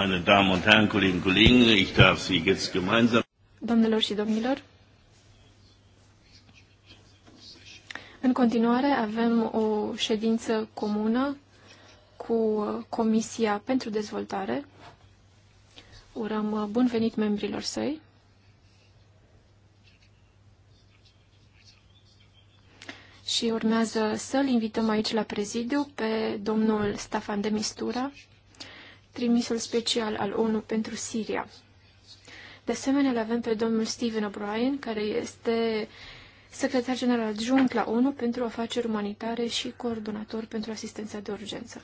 Meine Damen und Herren, Kolleginnen und Kollegen, ich darf Sie jetzt gemeinsam. și domnilor, în continuare avem o ședință comună cu Comisia pentru Dezvoltare. Urăm bun venit membrilor săi. Și urmează să-l invităm aici la prezidiu pe domnul Stefan de Mistura, trimisul special al ONU pentru Siria. De asemenea, îl avem pe domnul Stephen O'Brien, care este secretar general adjunct la ONU pentru afaceri umanitare și coordonator pentru asistența de urgență.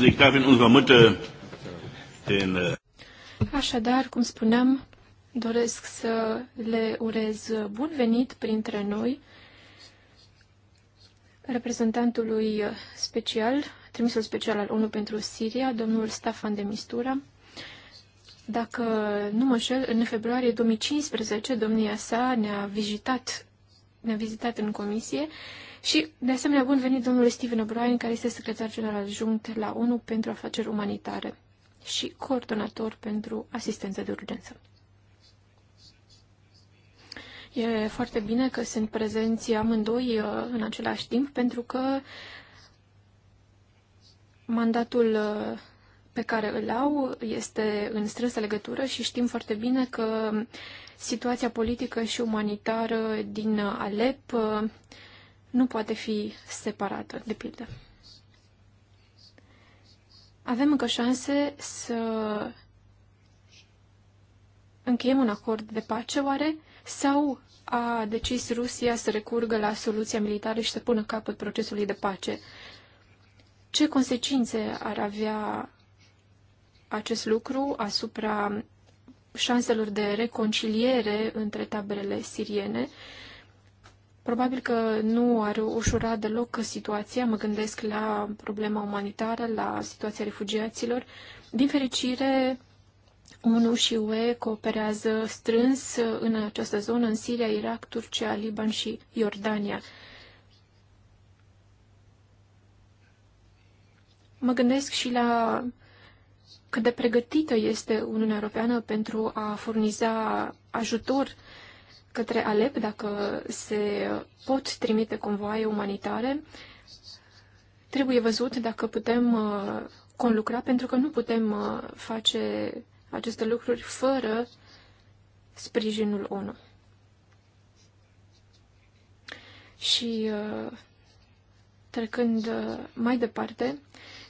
Äh, Așadar, cum spuneam, doresc să le urez bun venit printre noi reprezentantului special, trimisul special al ONU pentru Siria, domnul Stefan de Mistura. Dacă nu mă șel, în februarie 2015 domnia sa ne-a vizitat, ne-a vizitat în comisie și, de asemenea, bun venit domnul Steven O'Brien, care este secretar general adjunct la ONU pentru afaceri umanitare și coordonator pentru asistență de urgență. E foarte bine că sunt prezenți amândoi uh, în același timp, pentru că mandatul uh, pe care îl au este în strânsă legătură și știm foarte bine că situația politică și umanitară din Alep uh, nu poate fi separată, de pildă. Avem încă șanse să încheiem un acord de pace, oare? Sau a decis Rusia să recurgă la soluția militară și să pună capăt procesului de pace? Ce consecințe ar avea acest lucru asupra șanselor de reconciliere între taberele siriene? Uh, Probabil că nu ar ușura deloc situația, mă gândesc la problema umanitară, la situația refugiaților. Din fericire, UNU și UE cooperează strâns în această zonă, în Siria, Irak, Turcia, Liban și Iordania. Mă gândesc și la cât de pregătită este Uniunea Europeană pentru a furniza ajutor către Alep dacă se pot trimite convoaie umanitare. Trebuie văzut dacă putem uh, conlucra, pentru că nu putem uh, face aceste lucruri fără sprijinul ONU. Și uh, trecând mai departe,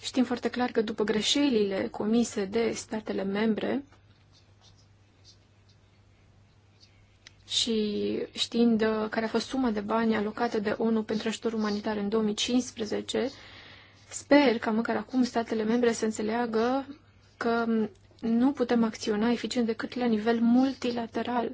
știm foarte clar că după greșelile comise de statele membre, și știind uh, care a fost suma de bani alocată de ONU pentru ajutor umanitar în 2015, sper ca măcar acum statele membre să înțeleagă că nu putem acționa eficient decât la nivel multilateral.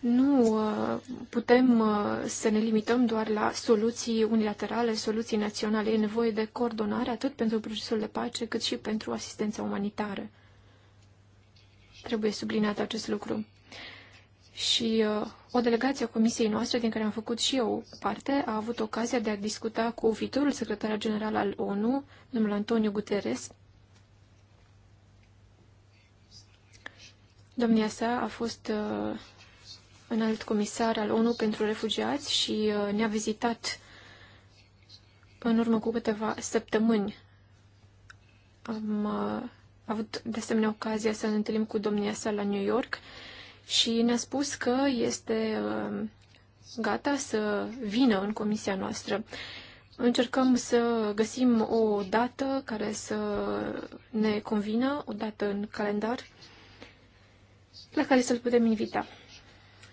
Nu uh, putem uh, să ne limităm doar la soluții unilaterale, soluții naționale. E nevoie de coordonare atât pentru procesul de pace cât și pentru asistența umanitară. Trebuie subliniat acest lucru. Și uh, o delegație a comisiei noastre, din care am făcut și eu parte, a avut ocazia de a discuta cu viitorul secretar general al ONU, domnul Antonio Guterres. Domnia sa a fost uh, înalt comisar al ONU pentru refugiați și uh, ne-a vizitat în urmă cu câteva săptămâni. Am uh, avut de asemenea ocazia să ne întâlnim cu domnia sa la New York și ne-a spus că este um, gata să vină în comisia noastră. Încercăm să găsim o dată care să ne convină, o dată în calendar, la care să-l putem invita.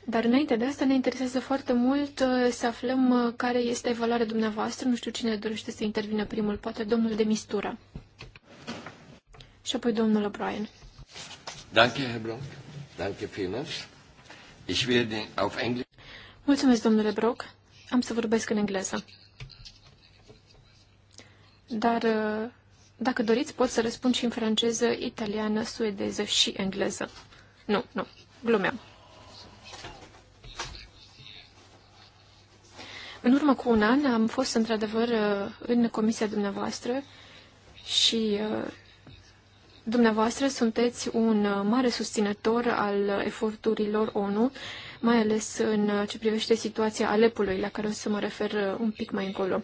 Dar înainte de asta ne interesează foarte mult uh, să aflăm uh, care este evaluarea dumneavoastră. Nu știu cine dorește să intervină primul, poate domnul de mistura și apoi domnul O'Brien. Danke, Herr Brock. Danke, vielmals. Ich werde auf Englisch... Mulțumesc, domnule Brock. Am să vorbesc în engleză. Dar, uh, dacă doriți, pot să răspund și în franceză, italiană, suedeză și engleză. Nu, nu, glumeam. În urmă cu un an am fost într-adevăr uh, în comisia dumneavoastră și uh, Dumneavoastră sunteți un uh, mare susținător al eforturilor ONU, mai ales în uh, ce privește situația Alepului, la care o să mă refer uh, un pic mai încolo.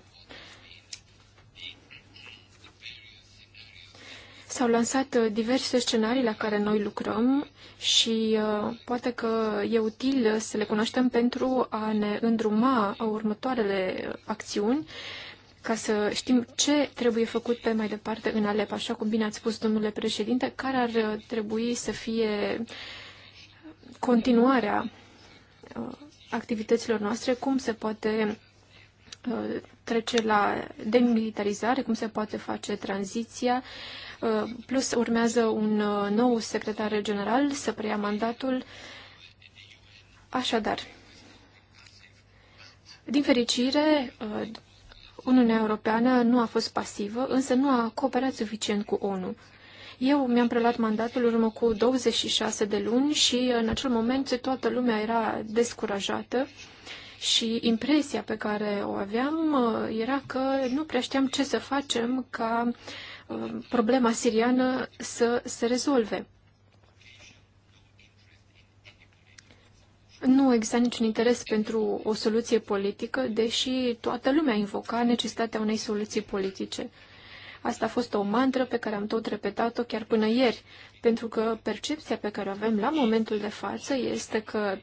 S-au lansat diverse scenarii la care noi lucrăm și poate că e util să le cunoaștem pentru a ne îndruma următoarele acțiuni ca să știm ce trebuie făcut pe mai departe în Alep, așa cum bine ați spus, domnule președinte, care ar uh, trebui să fie continuarea uh, activităților noastre, cum se poate uh, trece la demilitarizare, cum se poate face tranziția. Plus urmează un nou secretar general să preia mandatul. Așadar, din fericire, Uniunea Europeană nu a fost pasivă, însă nu a cooperat suficient cu ONU. Eu mi-am preluat mandatul urmă cu 26 de luni și în acel moment toată lumea era descurajată și impresia pe care o aveam uh, era că nu prea știam ce să facem ca uh, problema siriană să se rezolve. Nu exista niciun interes pentru o soluție politică, deși toată lumea invoca necesitatea unei soluții politice. Asta a fost o mantră pe care am tot repetat-o chiar până ieri, pentru că percepția pe care o avem la momentul de față este că,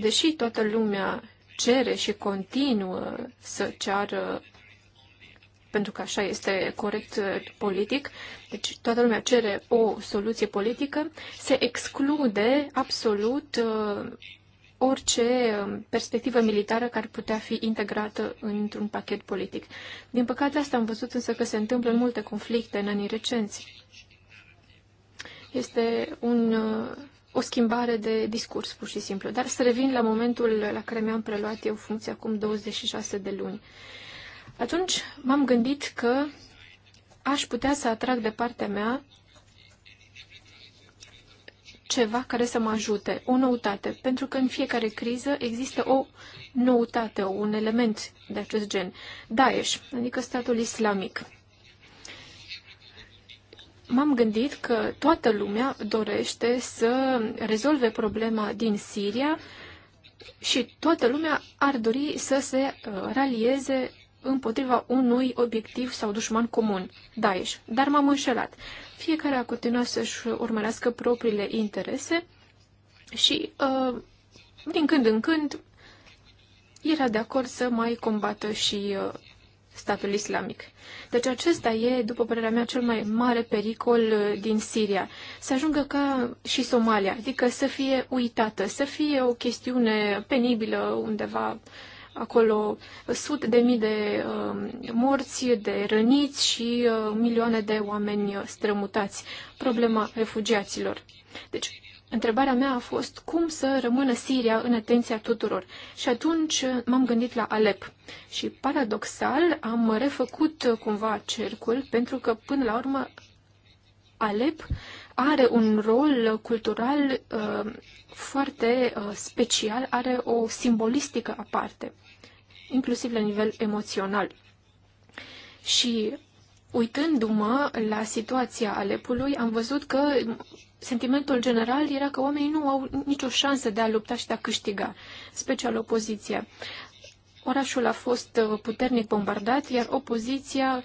deși toată lumea cere și continuă să ceară, pentru că așa este corect politic, deci toată lumea cere o soluție politică, se exclude absolut uh, orice um, perspectivă militară care putea fi integrată într-un pachet politic. Din păcate, asta am văzut însă că se întâmplă în multe conflicte în anii recenți. Este un, uh, o schimbare de discurs, pur și simplu. Dar să revin la momentul la care mi-am preluat eu funcția acum 26 de luni. Atunci m-am gândit că aș putea să atrag de partea mea ceva care să mă ajute, o noutate, pentru că în fiecare criză există o noutate, un element de acest gen. Daesh, adică statul islamic. M-am gândit că toată lumea dorește să rezolve problema din Siria și toată lumea ar dori să se uh, ralieze împotriva unui obiectiv sau dușman comun, Daesh. Dar m-am înșelat. Fiecare a continuat să-și urmărească propriile interese și, uh, din când în când, era de acord să mai combată și uh, statul islamic. Deci acesta e, după părerea mea, cel mai mare pericol uh, din Siria. Să ajungă ca și Somalia, adică să fie uitată, să fie o chestiune penibilă undeva uh, acolo sute de mii de uh, morți, de răniți și uh, milioane de oameni strămutați. Problema refugiaților. Deci, întrebarea mea a fost cum să rămână Siria în atenția tuturor. Și atunci m-am gândit la Alep. Și paradoxal am refăcut cumva cercul, pentru că până la urmă Alep uh, are un rol cultural uh, foarte uh, special, are o simbolistică aparte, inclusiv la nivel emoțional. Și uitându-mă la situația Alepului, am văzut că sentimentul general era că oamenii nu au nicio șansă de a lupta și de a câștiga, special opoziția. Orașul a fost uh, puternic bombardat, iar opoziția uh,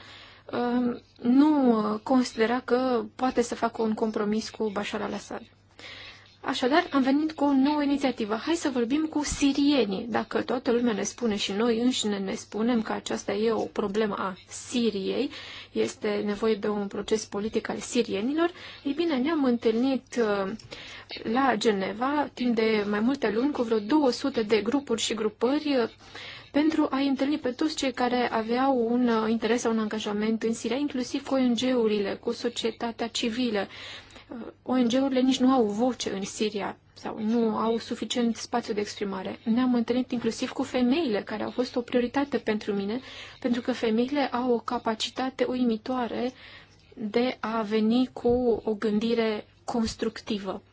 Um, nu uh, considera că poate să facă un compromis cu Bashar al-Assad. Așadar, am venit cu o nouă inițiativă. Hai să vorbim cu sirienii. Dacă toată lumea ne spune și noi înșine ne spunem că aceasta e o problemă a Siriei, este nevoie de un proces politic al sirienilor, ei bine, ne-am întâlnit uh, la Geneva timp de mai multe luni cu vreo 200 de grupuri și grupări uh, pentru a întâlni pe toți cei care aveau un uh, interes sau un angajament în Siria, inclusiv cu ONG-urile, cu societatea civilă. Uh, ONG-urile nici nu au voce în Siria sau nu au suficient spațiu de exprimare. Ne-am întâlnit inclusiv cu femeile, care au fost o prioritate pentru mine, pentru că femeile au o capacitate uimitoare de a veni cu o gândire constructivă.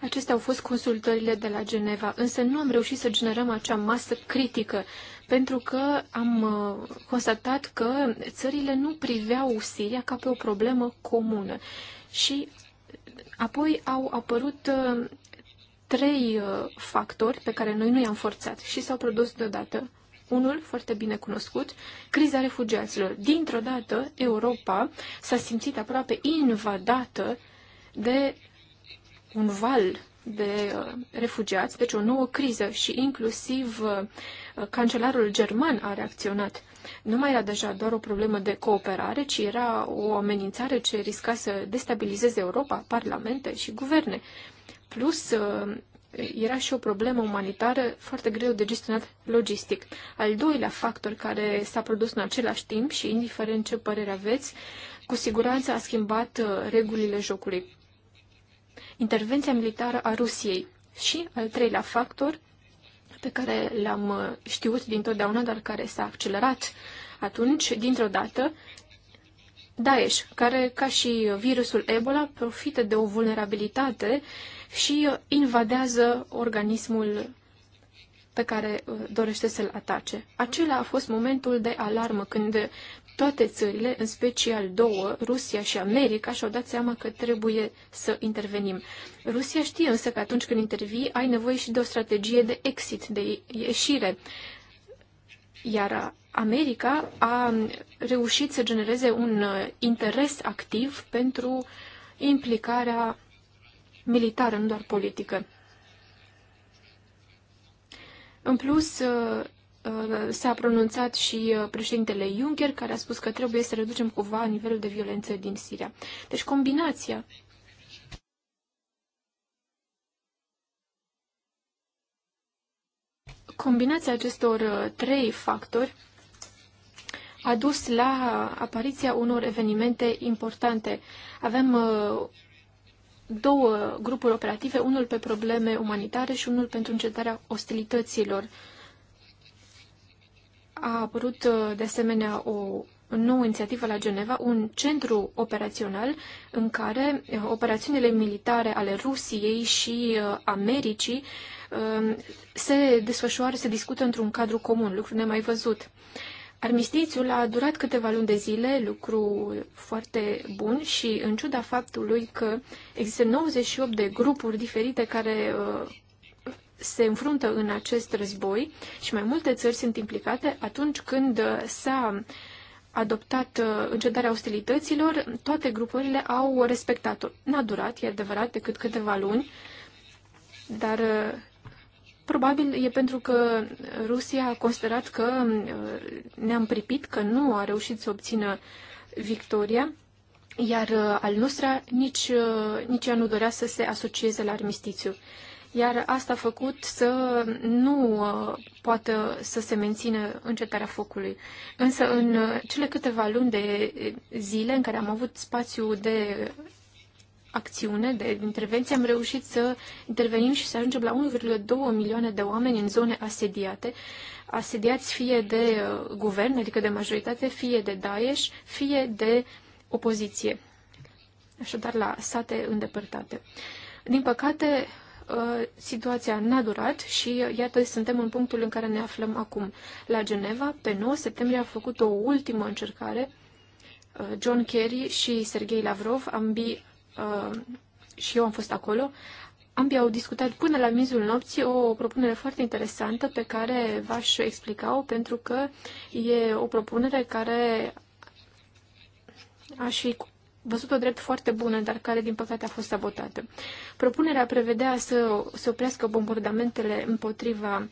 Acestea au fost consultările de la Geneva, însă nu am reușit să generăm acea masă critică, pentru că am uh, constatat că țările nu priveau Siria ca pe o problemă comună. Și apoi au apărut uh, trei uh, factori pe care noi nu i-am forțat și s-au produs deodată. Unul foarte bine cunoscut, criza refugiaților. Dintr-o dată, Europa s-a simțit aproape invadată de un val de uh, refugiați, deci o nouă criză și inclusiv uh, cancelarul german a reacționat. Nu mai era deja doar o problemă de cooperare, ci era o amenințare ce risca să destabilizeze Europa, parlamente și guverne. Plus, uh, era și o problemă umanitară foarte greu de gestionat logistic. Al doilea factor care s-a produs în același timp și indiferent ce părere aveți, cu siguranță a schimbat regulile jocului intervenția militară a Rusiei. Și al treilea factor, pe care l-am uh, știut dintotdeauna, dar care s-a accelerat atunci, dintr-o dată, Daesh, care, ca și virusul Ebola, profită de o vulnerabilitate și uh, invadează organismul pe care uh, dorește să-l atace. Acela a fost momentul de alarmă când toate țările, în special două, Rusia și America, și-au dat seama că trebuie să intervenim. Rusia știe însă că atunci când intervii, ai nevoie și de o strategie de exit, de ieșire. Iar America a reușit să genereze un uh, interes activ pentru implicarea militară, nu doar politică. În plus, uh, Uh, s-a pronunțat și uh, președintele Juncker, care a spus că trebuie să reducem cumva nivelul de violență din Siria. Deci combinația combinația acestor uh, trei factori a dus la apariția unor evenimente importante. Avem două grupuri operative, unul pe probleme umanitare și unul pentru încetarea ostilităților a apărut uh, de asemenea o nouă inițiativă la Geneva, un centru operațional în care uh, operațiunile militare ale Rusiei și uh, Americii um, se desfășoară, se discută într-un cadru comun, lucru nemai văzut. Armistițiul a durat câteva luni de zile, lucru foarte bun și în ciuda faptului că există 98 de grupuri diferite care se înfruntă în acest război și mai multe țări sunt implicate atunci când s-a adoptat uh, încetarea ostilităților, toate grupările au respectat-o. N-a durat, e adevărat, decât câteva luni, dar uh, probabil e pentru că Rusia a considerat că uh, ne-am pripit, că nu a reușit să obțină victoria, iar al nostru nici, nici ea nu dorea să se asocieze la armistițiu iar asta a făcut să nu uh, poată să se mențină încetarea focului. Însă în uh, cele câteva luni de uh, zile în care am avut spațiu de acțiune, de intervenție, am reușit să intervenim și să ajungem la 1,2 milioane de oameni în zone asediate, asediați fie de guvern, adică de majoritate, fie de Daesh, fie de opoziție, așadar la sate îndepărtate. Din păcate, Uh, situația n-a durat și uh, iată suntem în punctul în care ne aflăm acum. La Geneva, pe 9 septembrie, a făcut o ultimă încercare. Uh, John Kerry și Sergei Lavrov, ambii, și eu am fost acolo, ambii au discutat până la mizul nopții o propunere foarte interesantă pe care v-aș explica-o pentru că e o propunere care aș fi o drept foarte bună, dar care, din păcate, a fost sabotată. Propunerea prevedea să se oprească bombardamentele împotriva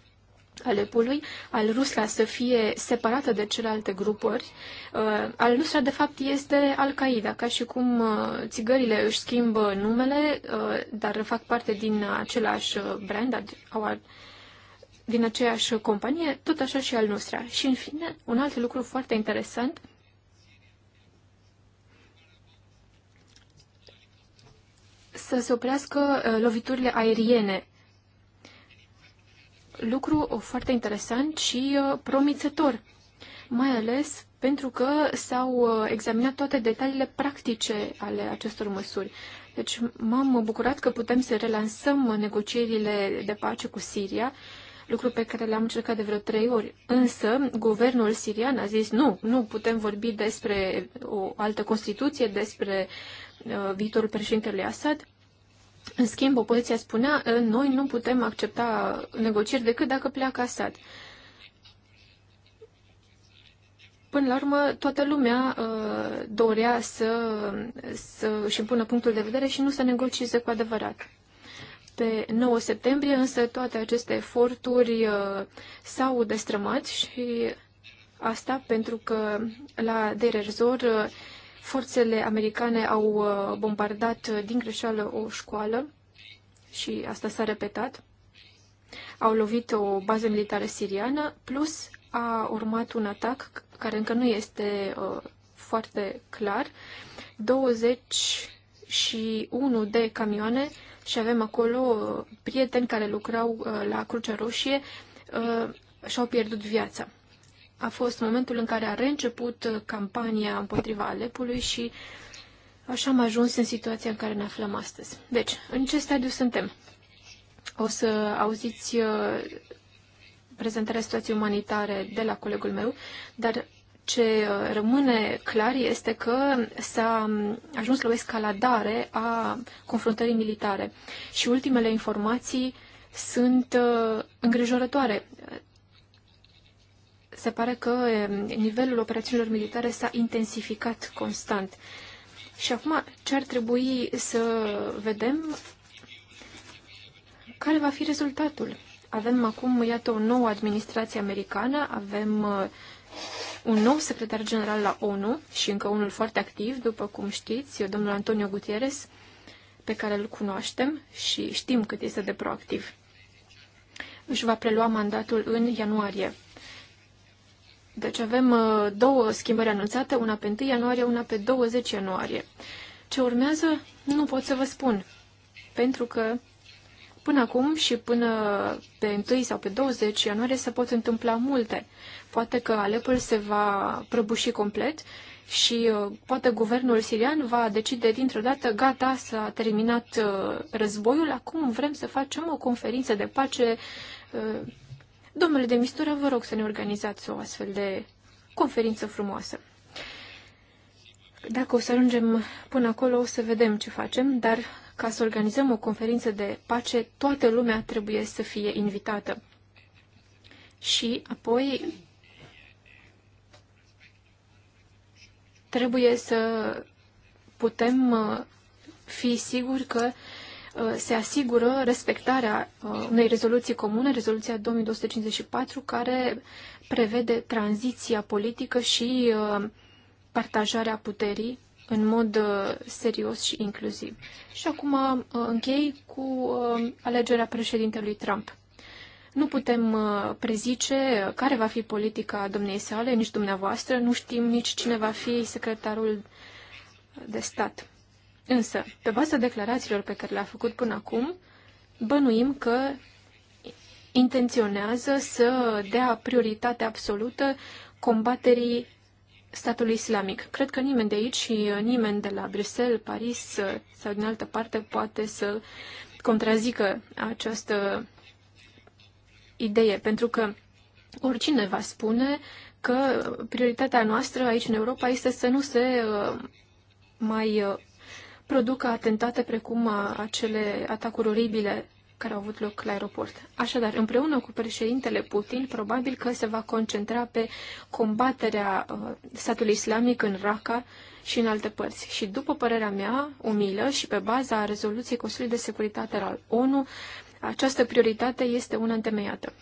Alepului, al Rusla să fie separată de celelalte grupuri. Uh, al Rusla, de fapt, este Al-Qaeda, ca și cum uh, țigările își schimbă numele, uh, dar fac parte din același brand, au din aceeași companie, tot așa și al Nusra. Și, în fine, un alt lucru foarte interesant să se oprească uh, loviturile aeriene. Lucru uh, foarte interesant și uh, promițător, mai ales pentru că s-au examinat toate detaliile practice ale acestor măsuri. Deci m-am bucurat că putem să relansăm negocierile de pace cu Siria, lucru pe care le-am încercat de vreo trei ori. Însă, guvernul sirian a zis nu, nu putem vorbi despre o altă constituție, despre uh, viitorul președintelui Assad. În schimb, opoziția spunea, ă, noi nu putem accepta negocieri decât dacă pleacă Assad. Până la urmă, toată lumea uh, dorea să, să își impună punctul de vedere și nu să negocieze cu adevărat. Pe 9 septembrie, însă, toate aceste eforturi uh, s-au destrămat și asta pentru că la Derezor uh, Forțele americane au uh, bombardat uh, din greșeală o școală și asta s-a repetat. Au lovit o bază militară siriană, plus a urmat un atac care încă nu este uh, foarte clar. 21 de camioane și avem acolo uh, prieteni care lucrau uh, la Crucea Roșie uh, și-au pierdut viața a fost momentul în care a reînceput campania împotriva Alepului și așa am ajuns în situația în care ne aflăm astăzi. Deci, în ce stadiu suntem? O să auziți uh, prezentarea situației umanitare de la colegul meu, dar ce uh, rămâne clar este că s-a um, ajuns la o escaladare a confruntării militare și ultimele informații sunt uh, îngrijorătoare se pare că nivelul operațiunilor militare s-a intensificat constant. Și acum, ce ar trebui să vedem? Care va fi rezultatul? Avem acum, iată, o nouă administrație americană, avem uh, un nou secretar general la ONU și încă unul foarte activ, după cum știți, domnul Antonio Gutierrez, pe care îl cunoaștem și știm cât este de proactiv. Își va prelua mandatul în ianuarie. Deci avem uh, două schimbări anunțate, una pe 1 ianuarie, una pe 20 ianuarie. Ce urmează, nu pot să vă spun, pentru că până acum și până pe 1 sau pe 20 ianuarie se pot întâmpla multe. Poate că Alepul se va prăbuși complet și uh, poate guvernul sirian va decide dintr-o dată, gata, s-a terminat uh, războiul, acum vrem să facem o conferință de pace Domnule de Mistura, vă rog să ne organizați o astfel de conferință frumoasă. Dacă o să ajungem până acolo, o să vedem ce facem, dar ca să organizăm o conferință de pace, toată lumea trebuie să fie invitată. Și apoi trebuie să putem uh, fi siguri că Uh, se asigură respectarea uh, unei rezoluții comune, rezoluția 2254, care prevede tranziția politică și uh, partajarea puterii în mod serios și inclusiv. Și acum închei cu alegerea președintelui Trump. Nu putem prezice care va fi politica domniei sale, nici dumneavoastră, nu știm nici cine va fi secretarul de stat. Însă, pe baza declarațiilor pe care le-a făcut până acum, bănuim că intenționează să dea prioritate absolută combaterii statului islamic. Cred că nimeni de aici și nimeni de la Bruxelles, Paris uh, sau din altă parte poate să contrazică această idee, pentru că oricine va spune că prioritatea noastră aici în Europa este să nu se uh, mai uh, producă atentate precum acele atacuri oribile care au avut loc la aeroport. Așadar, împreună cu președintele Putin, probabil că se va concentra pe combaterea statului islamic în Raqqa și în alte părți. Și după părerea mea, umilă și pe baza rezoluției Consiliului de Securitate al ONU, această prioritate este una întemeiată.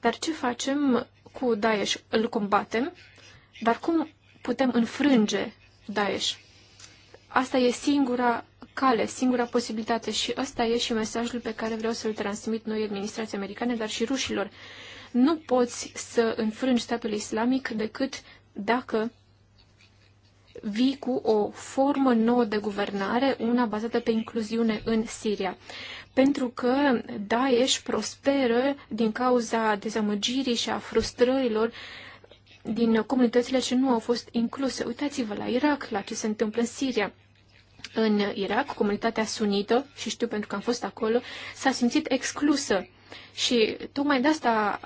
Dar ce facem cu Daesh? Îl combatem, dar cum putem înfrânge Daesh? Asta e singura cale, singura posibilitate și ăsta e și mesajul pe care vreau să-l transmit noi administrații americane, dar și rușilor. Nu poți să înfrângi statul islamic decât dacă vii cu o formă nouă de guvernare, una bazată pe incluziune în Siria. Pentru că Daesh prosperă din cauza dezamăgirii și a frustrărilor din comunitățile ce nu au fost incluse. Uitați-vă la Irak, la ce se întâmplă în Siria. În Irak, comunitatea sunită, și știu pentru că am fost acolo, s-a simțit exclusă. Și tocmai de asta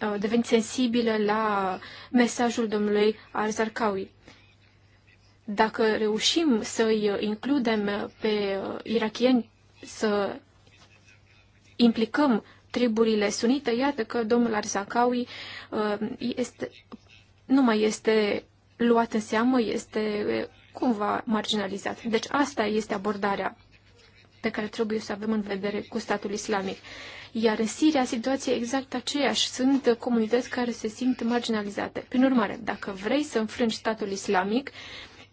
a devenit sensibilă la mesajul domnului Arzarkawi. Dacă reușim să-i includem pe uh, irachieni, să implicăm triburile sunite, iată că domnul Arzarkawi uh, este, nu mai este luat în seamă, este cumva marginalizat. Deci asta este abordarea pe care trebuie să avem în vedere cu statul islamic. Iar în Siria, situația e exact aceeași. Sunt comunități care se simt marginalizate. Prin urmare, dacă vrei să înfrângi statul islamic,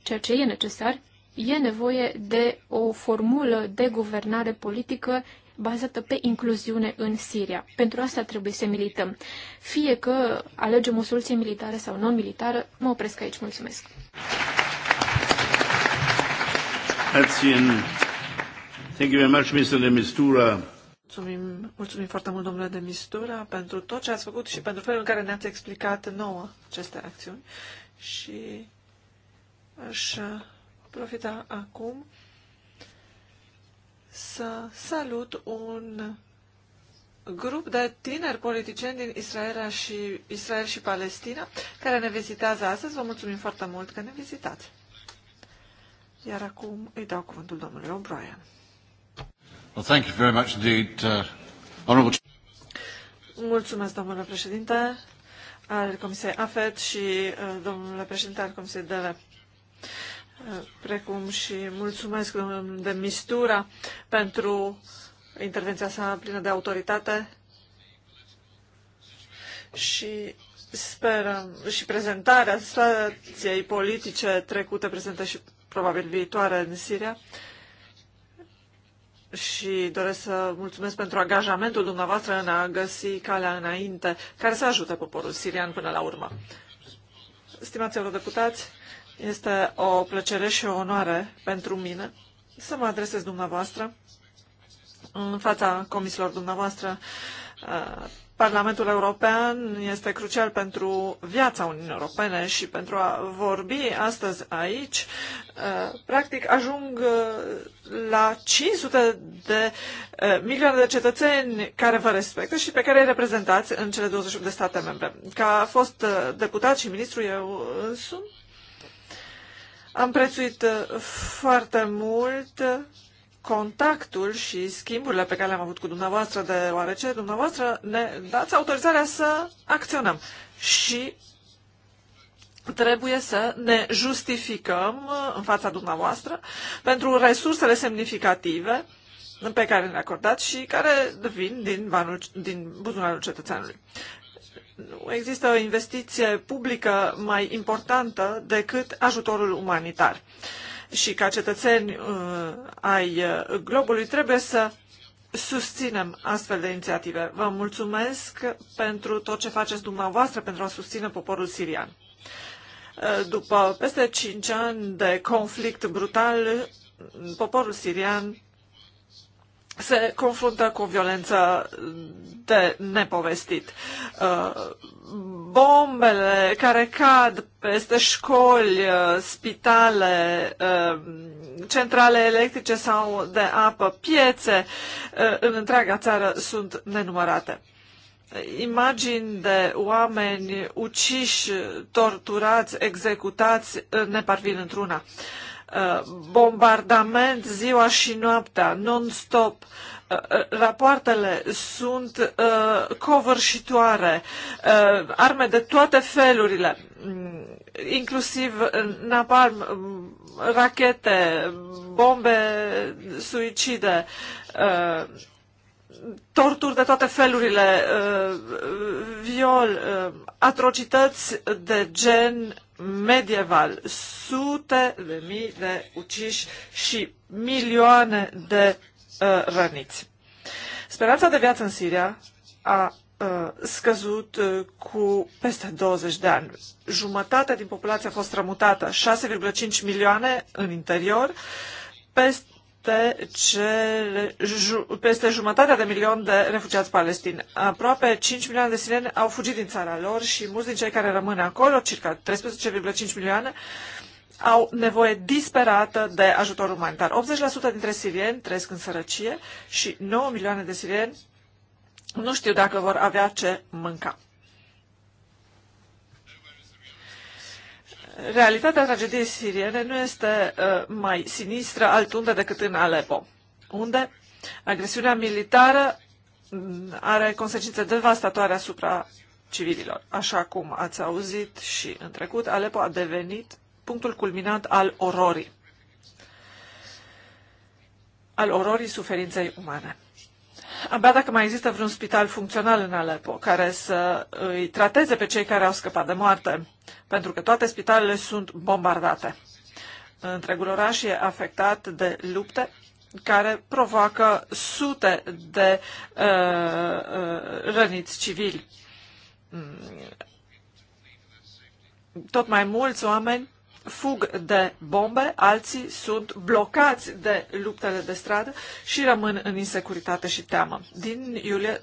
ceea ce e necesar, e nevoie de o formulă de guvernare politică bazată pe incluziune în Siria. Pentru asta trebuie să milităm. Fie că alegem o soluție militară sau non-militară, mă opresc aici. Mulțumesc! thank you very much, Mr. de Mistura. Mulțumim, mulțumim foarte mult, domnule de Mistura, pentru tot ce ați făcut și pentru felul în care ne-ați explicat nouă aceste acțiuni. Și aș profita acum să salut un grup de tineri politicieni din Israel și, Israel și Palestina care ne vizitează astăzi. Vă mulțumim foarte mult că ne vizitați. Iar acum îi dau cuvântul domnului O'Brien. Well, thank you very much indeed, uh, honorable... Mulțumesc, domnule președinte al Comisiei AFET și uh, domnule președinte al Comisiei DELE. Uh, precum și mulțumesc de Mistura pentru intervenția sa plină de autoritate și sperăm și prezentarea situației politice trecute, prezente și probabil viitoare în Siria și doresc să mulțumesc pentru angajamentul dumneavoastră în a găsi calea înainte care să ajute poporul sirian până la urmă. Stimați eurodeputați, este o plăcere și o onoare pentru mine să mă adresez dumneavoastră în fața comisilor dumneavoastră Parlamentul European este crucial pentru viața Uniunii Europene și pentru a vorbi astăzi aici, uh, practic ajung uh, la 500 de uh, milioane de cetățeni care vă respectă și pe care îi reprezentați în cele 28 de state membre. Ca fost deputat și ministru eu însumi, am prețuit foarte mult contactul și schimburile pe care le-am avut cu dumneavoastră, deoarece dumneavoastră ne dați autorizarea să acționăm și trebuie să ne justificăm uh, în fața dumneavoastră pentru resursele semnificative pe care le acordat și care vin din, banul, din buzunarul cetățeanului. Nu există o investiție publică mai importantă decât ajutorul umanitar. Uh, și ca cetățeni uh, ai uh, globului trebuie să susținem astfel de inițiative. Vă mulțumesc pentru tot ce faceți dumneavoastră pentru a susține poporul sirian. Uh, după peste cinci ani de conflict brutal, poporul sirian se confruntă cu violență de nepovestit. Uh, bombele care cad peste școli, uh, spitale, uh, centrale electrice sau de apă, piețe în întreaga țară sunt nenumărate. Imagini de oameni uciși, torturați, executați ne parvin într-una. Uh, Uh, bombardament ziua și noaptea, non-stop. Uh, uh, rapoartele sunt uh, covârșitoare, uh, arme de toate felurile, mm, inclusiv napalm, mm, rachete, bombe suicide, uh, torturi de toate felurile, uh, viol, uh, atrocități de gen medieval, sute de mii de uciși și milioane de uh, răniți. Speranța de viață în Siria a uh, scăzut uh, cu peste 20 de ani. Jumătate din populație a fost rămutată, 6,5 milioane în interior, peste peste, cele, ju, peste jumătatea de milion de refugiați palestini. Aproape 5 milioane de sirieni au fugit din țara lor și mulți din cei care rămân acolo, circa 13,5 milioane, au nevoie disperată de ajutor umanitar. 80% dintre sirieni trăiesc în sărăcie și 9 milioane de sirieni nu știu dacă vor avea ce mânca. Realitatea tragediei siriene nu este uh, mai sinistră altunde decât în Aleppo, unde agresiunea militară mm, are consecințe devastatoare asupra civililor. Așa cum ați auzit și în trecut, Aleppo a devenit punctul culminant al ororii, al ororii suferinței umane. Abia dacă mai există vreun spital funcțional în Aleppo care să îi trateze pe cei care au scăpat de moarte pentru că toate spitalele sunt bombardate. Întregul oraș e afectat de lupte care provoacă sute de uh, uh, răniți civili. Tot mai mulți oameni fug de bombe, alții sunt blocați de luptele de stradă și rămân în insecuritate și teamă. Din iulie,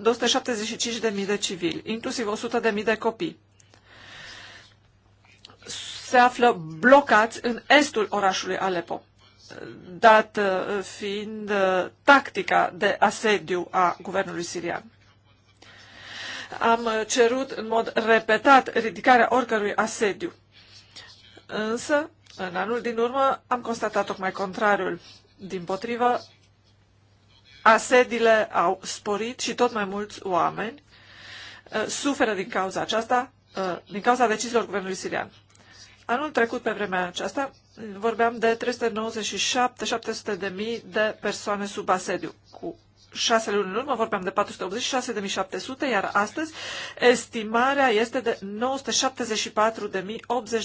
275.000 de civili, inclusiv 100.000 de copii se află blocați în estul orașului Aleppo, dat uh, fiind uh, tactica de asediu a guvernului sirian. Am uh, cerut în mod repetat ridicarea oricărui asediu. Însă, în anul din urmă, am constatat tocmai contrariul. Din potrivă, asediile au sporit și tot mai mulți oameni suferă din cauza aceasta, din cauza deciziilor guvernului sirian. Anul trecut, pe vremea aceasta, vorbeam de 397-700 de mii de persoane sub asediu. Cu șase luni în urmă vorbeam de 486.700, iar astăzi estimarea este de 974.080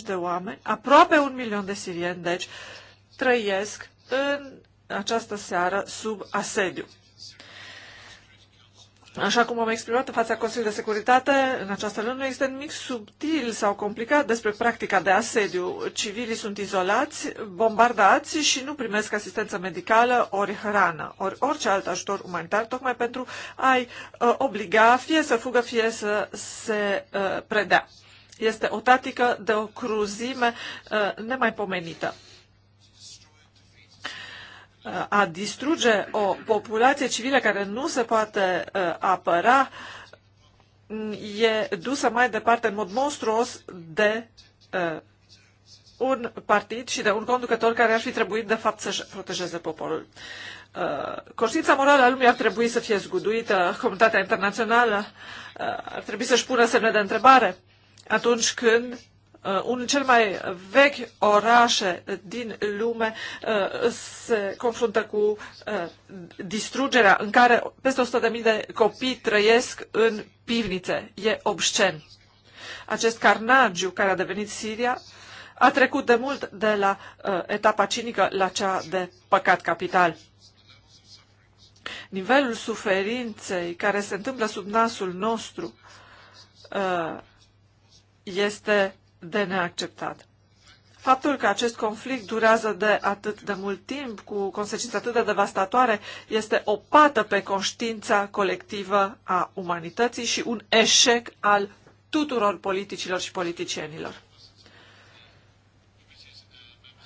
de oameni, aproape un milion de sirieni, deci, trăiesc în această seară sub asediu. Așa cum am exprimat în fața Consiliului de Securitate, în această lună nu nimic subtil sau complicat despre practica de asediu. Civilii sunt izolați, bombardați și nu primesc asistență medicală, ori hrană, ori orice alt ajutor umanitar, tocmai pentru a-i uh, obliga fie să fugă, fie să se uh, predea. Este o tactică de o cruzime uh, nemaipomenită a distruge o populație civilă care nu se poate uh, apăra mm, e dusă mai departe în mod monstruos de uh, un partid și de un conducător care ar fi trebuit, de fapt, să-și protejeze poporul. Uh, conștiința morală a lumii ar trebui să fie zguduită, comunitatea internațională ar trebui să-și pună semne de întrebare atunci când Uh, unul cel mai vechi orașe din lume uh, se confruntă cu uh, distrugerea în care peste 100.000 de copii trăiesc în pivnițe. E obscen. Acest carnagiu care a devenit Siria a trecut de mult de la etapa cinică la cea de păcat capital. Nivelul suferinței care se întâmplă sub nasul nostru este de neacceptat. Faptul că acest conflict durează de atât de mult timp, cu consecințe atât de devastatoare, este o pată pe conștiința colectivă a umanității și un eșec al tuturor politicilor și politicienilor.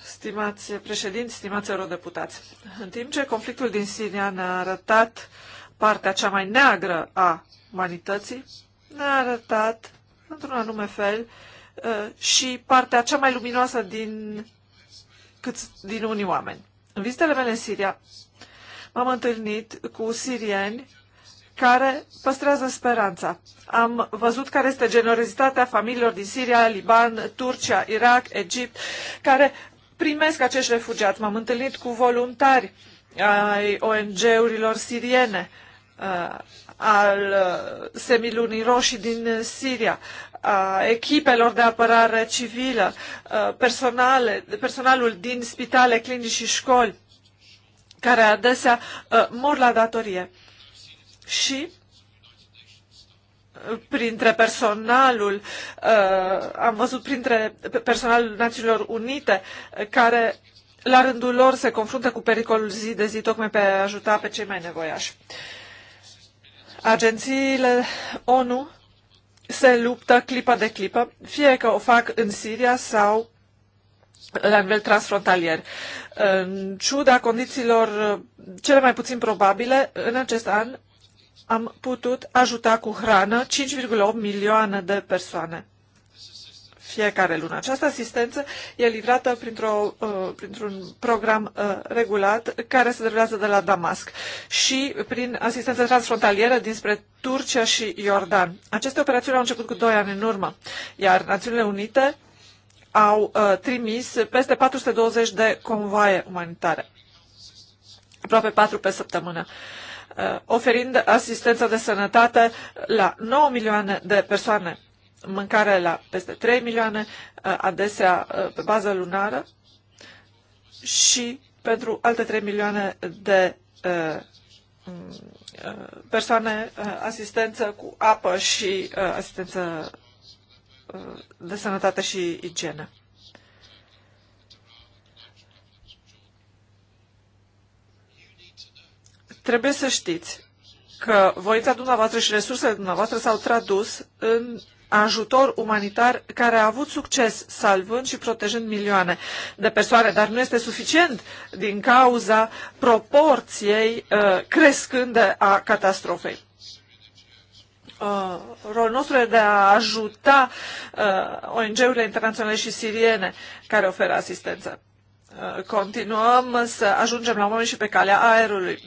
Stimați președinți, stimați eurodeputați, în timp ce conflictul din Siria ne-a arătat partea cea mai neagră a umanității, ne-a arătat, într-un anume fel, Uh, și partea cea mai luminoasă din, cât, din unii oameni. În vizitele mele în Siria, m-am întâlnit cu sirieni care păstrează speranța. Am văzut care este generozitatea familiilor din Siria, Liban, Turcia, Irak, Egipt, care primesc acești refugiați. M-am întâlnit cu voluntari ai ONG-urilor siriene, uh, al uh, semilunii roșii din Siria, a echipelor de apărare civilă, personale, personalul din spitale, clinici și școli, care adesea mor la datorie. Și printre personalul, am văzut printre personalul Națiunilor Unite, care la rândul lor se confruntă cu pericolul zi de zi, tocmai pe a ajuta pe cei mai nevoiași. Agențiile ONU se luptă clipă de clipă, fie că o fac în Siria sau la nivel transfrontalier. În ciuda condițiilor cele mai puțin probabile, în acest an am putut ajuta cu hrană 5,8 milioane de persoane fiecare lună. Această asistență e livrată printr-o, uh, printr-un program uh, regulat care se derulează de la Damasc și prin asistență transfrontalieră dinspre Turcia și Iordan. Aceste operațiuni au început cu doi ani în urmă, iar Națiunile Unite au uh, trimis peste 420 de convoaie umanitare, aproape 4 pe săptămână, uh, oferind asistență de sănătate la 9 milioane de persoane mâncare la peste 3 milioane, uh, adesea uh, pe bază lunară și pentru alte 3 milioane de uh, mm, persoane asistență cu apă și asistență de sănătate și igienă. Trebuie să știți că voința dumneavoastră și resursele dumneavoastră s-au tradus în ajutor umanitar care a avut succes salvând și protejând milioane de persoane, dar nu este suficient din cauza proporției uh, crescânde a catastrofei. Uh, rolul nostru e de a ajuta uh, ONG-urile internaționale și siriene care oferă asistență. Uh, continuăm să ajungem la oameni și pe calea aerului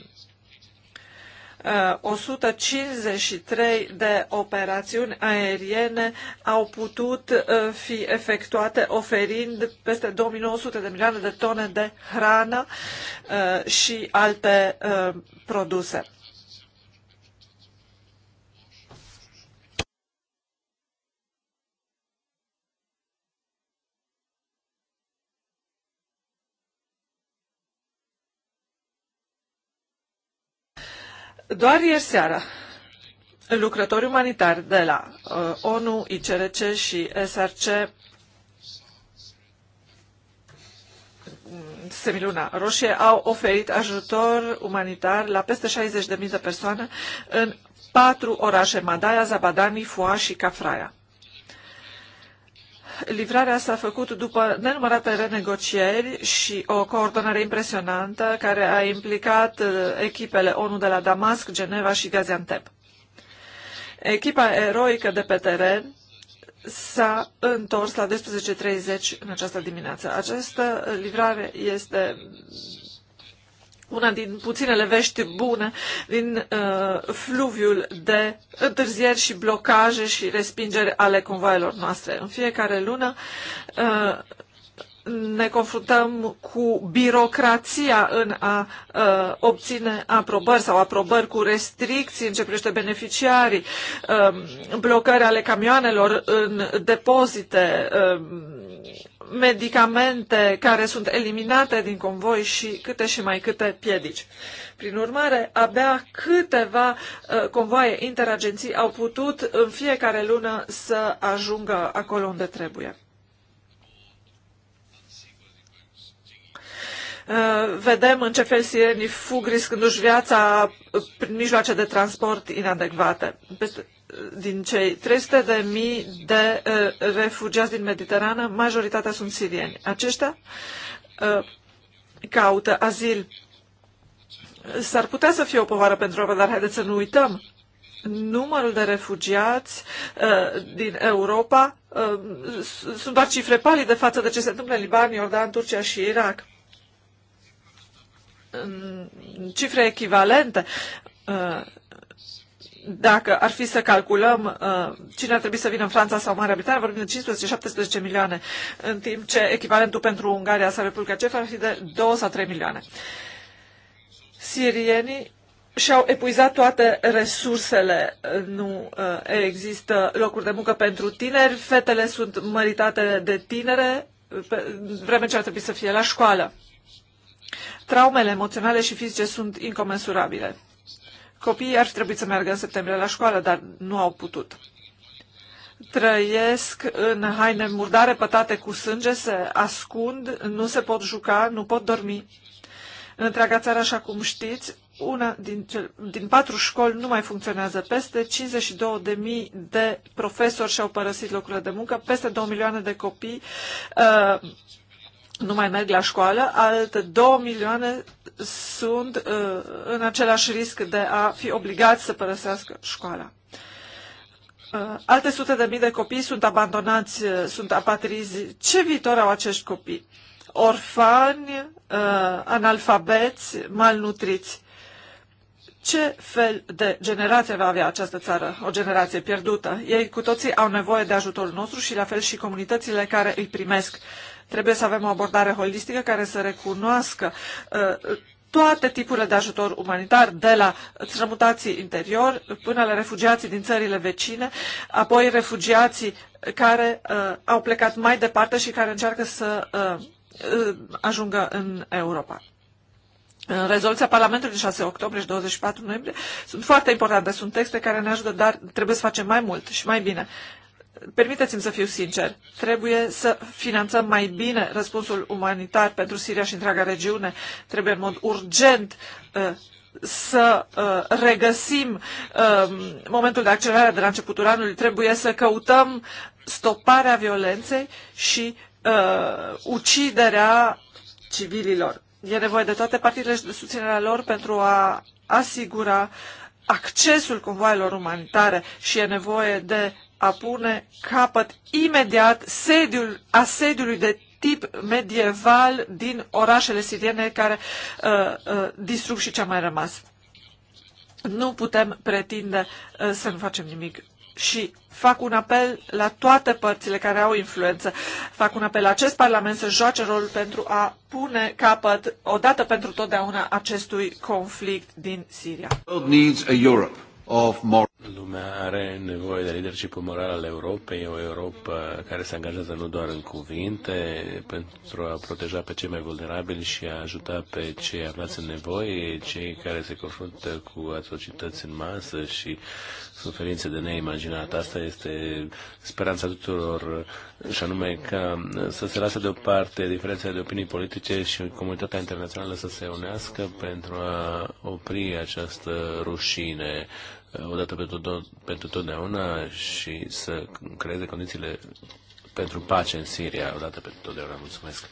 153 uh, de operațiuni aeriene au putut uh, fi efectuate oferind peste 2900 de milioane de tone de hrană uh, și alte produse. Doar ieri seara, lucrători umanitari de la uh, ONU, ICRC și SRC mm, Semiluna Roșie au oferit ajutor umanitar la peste 60.000 de persoane în patru orașe, Madaya, Zabadani, Fua și Cafraia. Livrarea s-a făcut după nenumărate renegocieri și o coordonare impresionantă care a implicat uh, echipele ONU de la Damasc, Geneva și Gaziantep. Echipa eroică de pe teren s-a întors la 12.30 în această dimineață. Această livrare este una din puținele vești bune din uh, fluviul de întârzieri și blocaje și respingeri ale convoaielor noastre. În fiecare lună uh, ne confruntăm cu birocrația în a uh, obține aprobări sau aprobări cu restricții în ce privește beneficiarii, uh, ă, blocări ale camioanelor în depozite, uh, medicamente care sunt eliminate din convoi și câte și mai câte piedici. Prin urmare, abia câteva convoaie interagenții au putut în fiecare lună să ajungă acolo unde trebuie. Eh, vedem în ce fel sirenii fug riscându-și viața eh, prin mijloace de transport inadecvate. Eh, din cei 300 de mii de refugiați din Mediterană, majoritatea sunt sirieni. Aceștia caută azil. S-ar putea să fie o povară pentru Europa, dar haideți să nu uităm. Numărul de refugiați uh, din Europa uh, sunt doar cifre palide față de ce se întâmplă în Liban, Iordan, Turcia și Irak. Um, cifre echivalente uh, dacă ar fi să calculăm uh, cine ar trebui să vină în Franța sau Marea Britanie, vorbim de 15-17 milioane, în timp ce echivalentul pentru Ungaria sau Republica Cehă ar fi de 2 sau 3 milioane. Sirienii și-au epuizat toate resursele, nu uh, există locuri de muncă pentru tineri, fetele sunt măritate de tinere, pe vreme ce ar trebui să fie la școală. Traumele emoționale și fizice sunt incomensurabile. Copiii ar fi trebuit să meargă în septembrie la școală, dar nu au putut. Trăiesc în haine murdare pătate cu sânge, se ascund, nu se pot juca, nu pot dormi. În întreaga țară, așa cum știți, una din, cel, din patru școli nu mai funcționează. Peste 52.000 de profesori și-au părăsit locurile de muncă, peste 2 milioane de copii uh, nu mai merg la școală, alte 2 milioane sunt uh, în același risc de a fi obligați să părăsească școala. Uh, alte sute de mii de copii sunt abandonați, uh, sunt apatrizi. Ce viitor au acești copii? Orfani, uh, analfabeți, malnutriți. Ce fel de generație va avea această țară? O generație pierdută. Ei cu toții au nevoie de ajutorul nostru și la fel și comunitățile care îi primesc. Uh, Trebuie să avem o abordare holistică care să recunoască uh, toate tipurile de ajutor umanitar, de la strămutații interior până la refugiații din țările vecine, apoi refugiații care uh, au plecat mai departe și care încearcă să uh, uh, ajungă în Europa. În uh, rezoluția Parlamentului din 6 octombrie și 24 noiembrie sunt foarte importante, sunt texte care ne ajută, dar trebuie să facem mai mult și mai bine. Uh, Permiteți-mi să fiu sincer, trebuie să finanțăm mai bine răspunsul umanitar pentru Siria și întreaga regiune. Trebuie în mod urgent uh, să uh, regăsim um, momentul de accelerare de la începutul anului. Trebuie să căutăm stoparea violenței și uh, uciderea civililor. E nevoie de toate partidele și de susținerea lor pentru a asigura accesul convoaielor umanitare și e nevoie de a pune capăt imediat sediul, asediului de tip medieval din orașele siriene care uh, uh, distrug și ce a mai rămas. Nu putem pretinde uh, să nu facem nimic. Și fac un apel la toate părțile care au influență. Fac un apel la acest Parlament să joace rolul pentru a pune capăt, odată pentru totdeauna, acestui conflict din Siria. World needs a Europe. Lumea are nevoie de leadership moral al Europei, o Europa care se angajează nu doar în cuvinte pentru a proteja pe cei mai vulnerabili și a ajuta pe cei aflați în nevoie, cei care se confruntă cu atrocități în masă și suferințe de neimaginat. Asta este speranța tuturor și anume ca să se lasă deoparte diferențele de opinii politice și comunitatea internațională să se unească pentru a opri această rușine odată pentru, tot, pentru totdeauna și să creeze condițiile pentru pace în Siria, odată pentru totdeauna. Mulțumesc!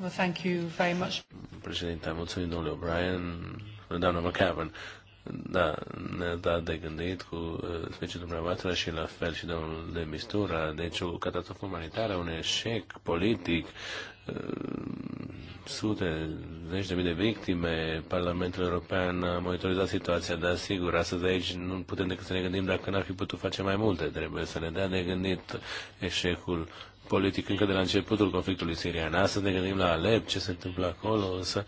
Well, thank you very much. Președinte, mulțumim domnule O'Brien, doamna McCavern da, ne da de gândit cu uh, specii dumneavoastră și la fel și domnul de Mistura. Deci o catastrofă umanitară, un eșec politic, uh, sute, zeci de mii de victime, Parlamentul European a monitorizat situația, dar sigur, astăzi aici nu putem decât să ne gândim dacă n-ar fi putut face mai multe. Trebuie să ne dea de gândit eșecul politic încă de la începutul conflictului sirian. Astăzi ne gândim la Alep, ce se întâmplă acolo, însă să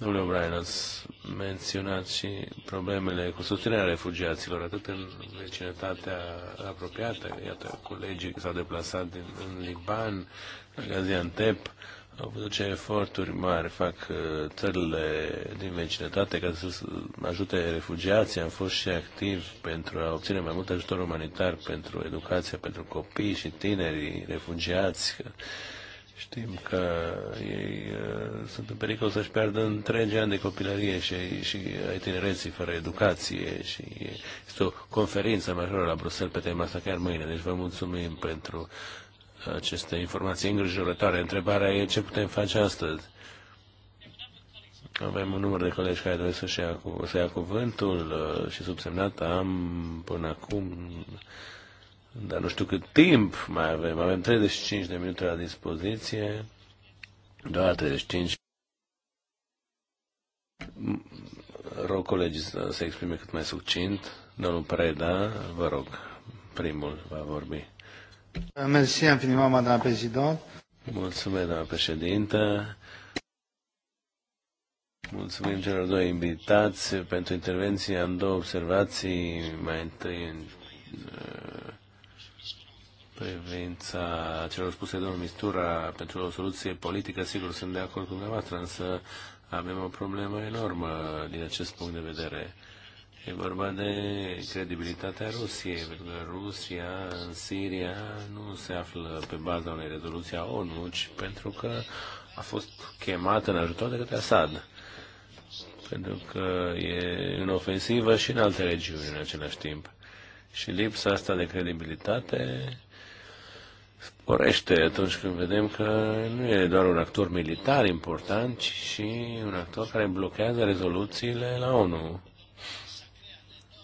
Domnule O'Brien, ați menționat și problemele cu susținerea refugiaților, atât în vecinătatea apropiată, iată, colegii care s-au deplasat din, în Liban, la Gaziantep, au văzut ce eforturi mari fac uh, țările din vecinătate ca să ajute refugiații. Am fost și activ pentru a obține mai mult ajutor umanitar pentru educație, pentru copii și tinerii refugiați. Știm că ei uh, sunt în pericol să-și pierdă întregi ani de copilărie și, și ai tinereții fără educație și este o conferință majoră la Bruxelles pe tema asta chiar mâine. Deci vă mulțumim pentru aceste informații îngrijorătoare. Întrebarea e ce putem face astăzi. Avem un număr de colegi care doresc să-și ia, cu, să ia cuvântul uh, și subsemnat am până acum dar nu știu cât timp mai avem. Avem 35 de minute la dispoziție. Doar 35. Rog colegii să se exprime cât mai succint. Domnul Preda, vă rog, primul va vorbi. Mersi, infiniment, doamna președinte. Mulțumesc, doamna președintă. Mulțumim celor doi invitați pentru intervenții. Am două observații. Mai întâi în, privința celor spuse de domnul Mistura pentru o soluție politică, sigur, sunt de acord cu dumneavoastră, însă avem o problemă enormă din acest punct de vedere. E vorba de credibilitatea Rusiei, pentru că Rusia în Siria nu se află pe baza unei rezoluții a ONU, ci pentru că a fost chemată în ajutor de către Assad. Pentru că e în ofensivă și în alte regiuni în același timp. Și lipsa asta de credibilitate sporește atunci când vedem că nu e doar un actor militar important, ci și un actor care blochează rezoluțiile la ONU.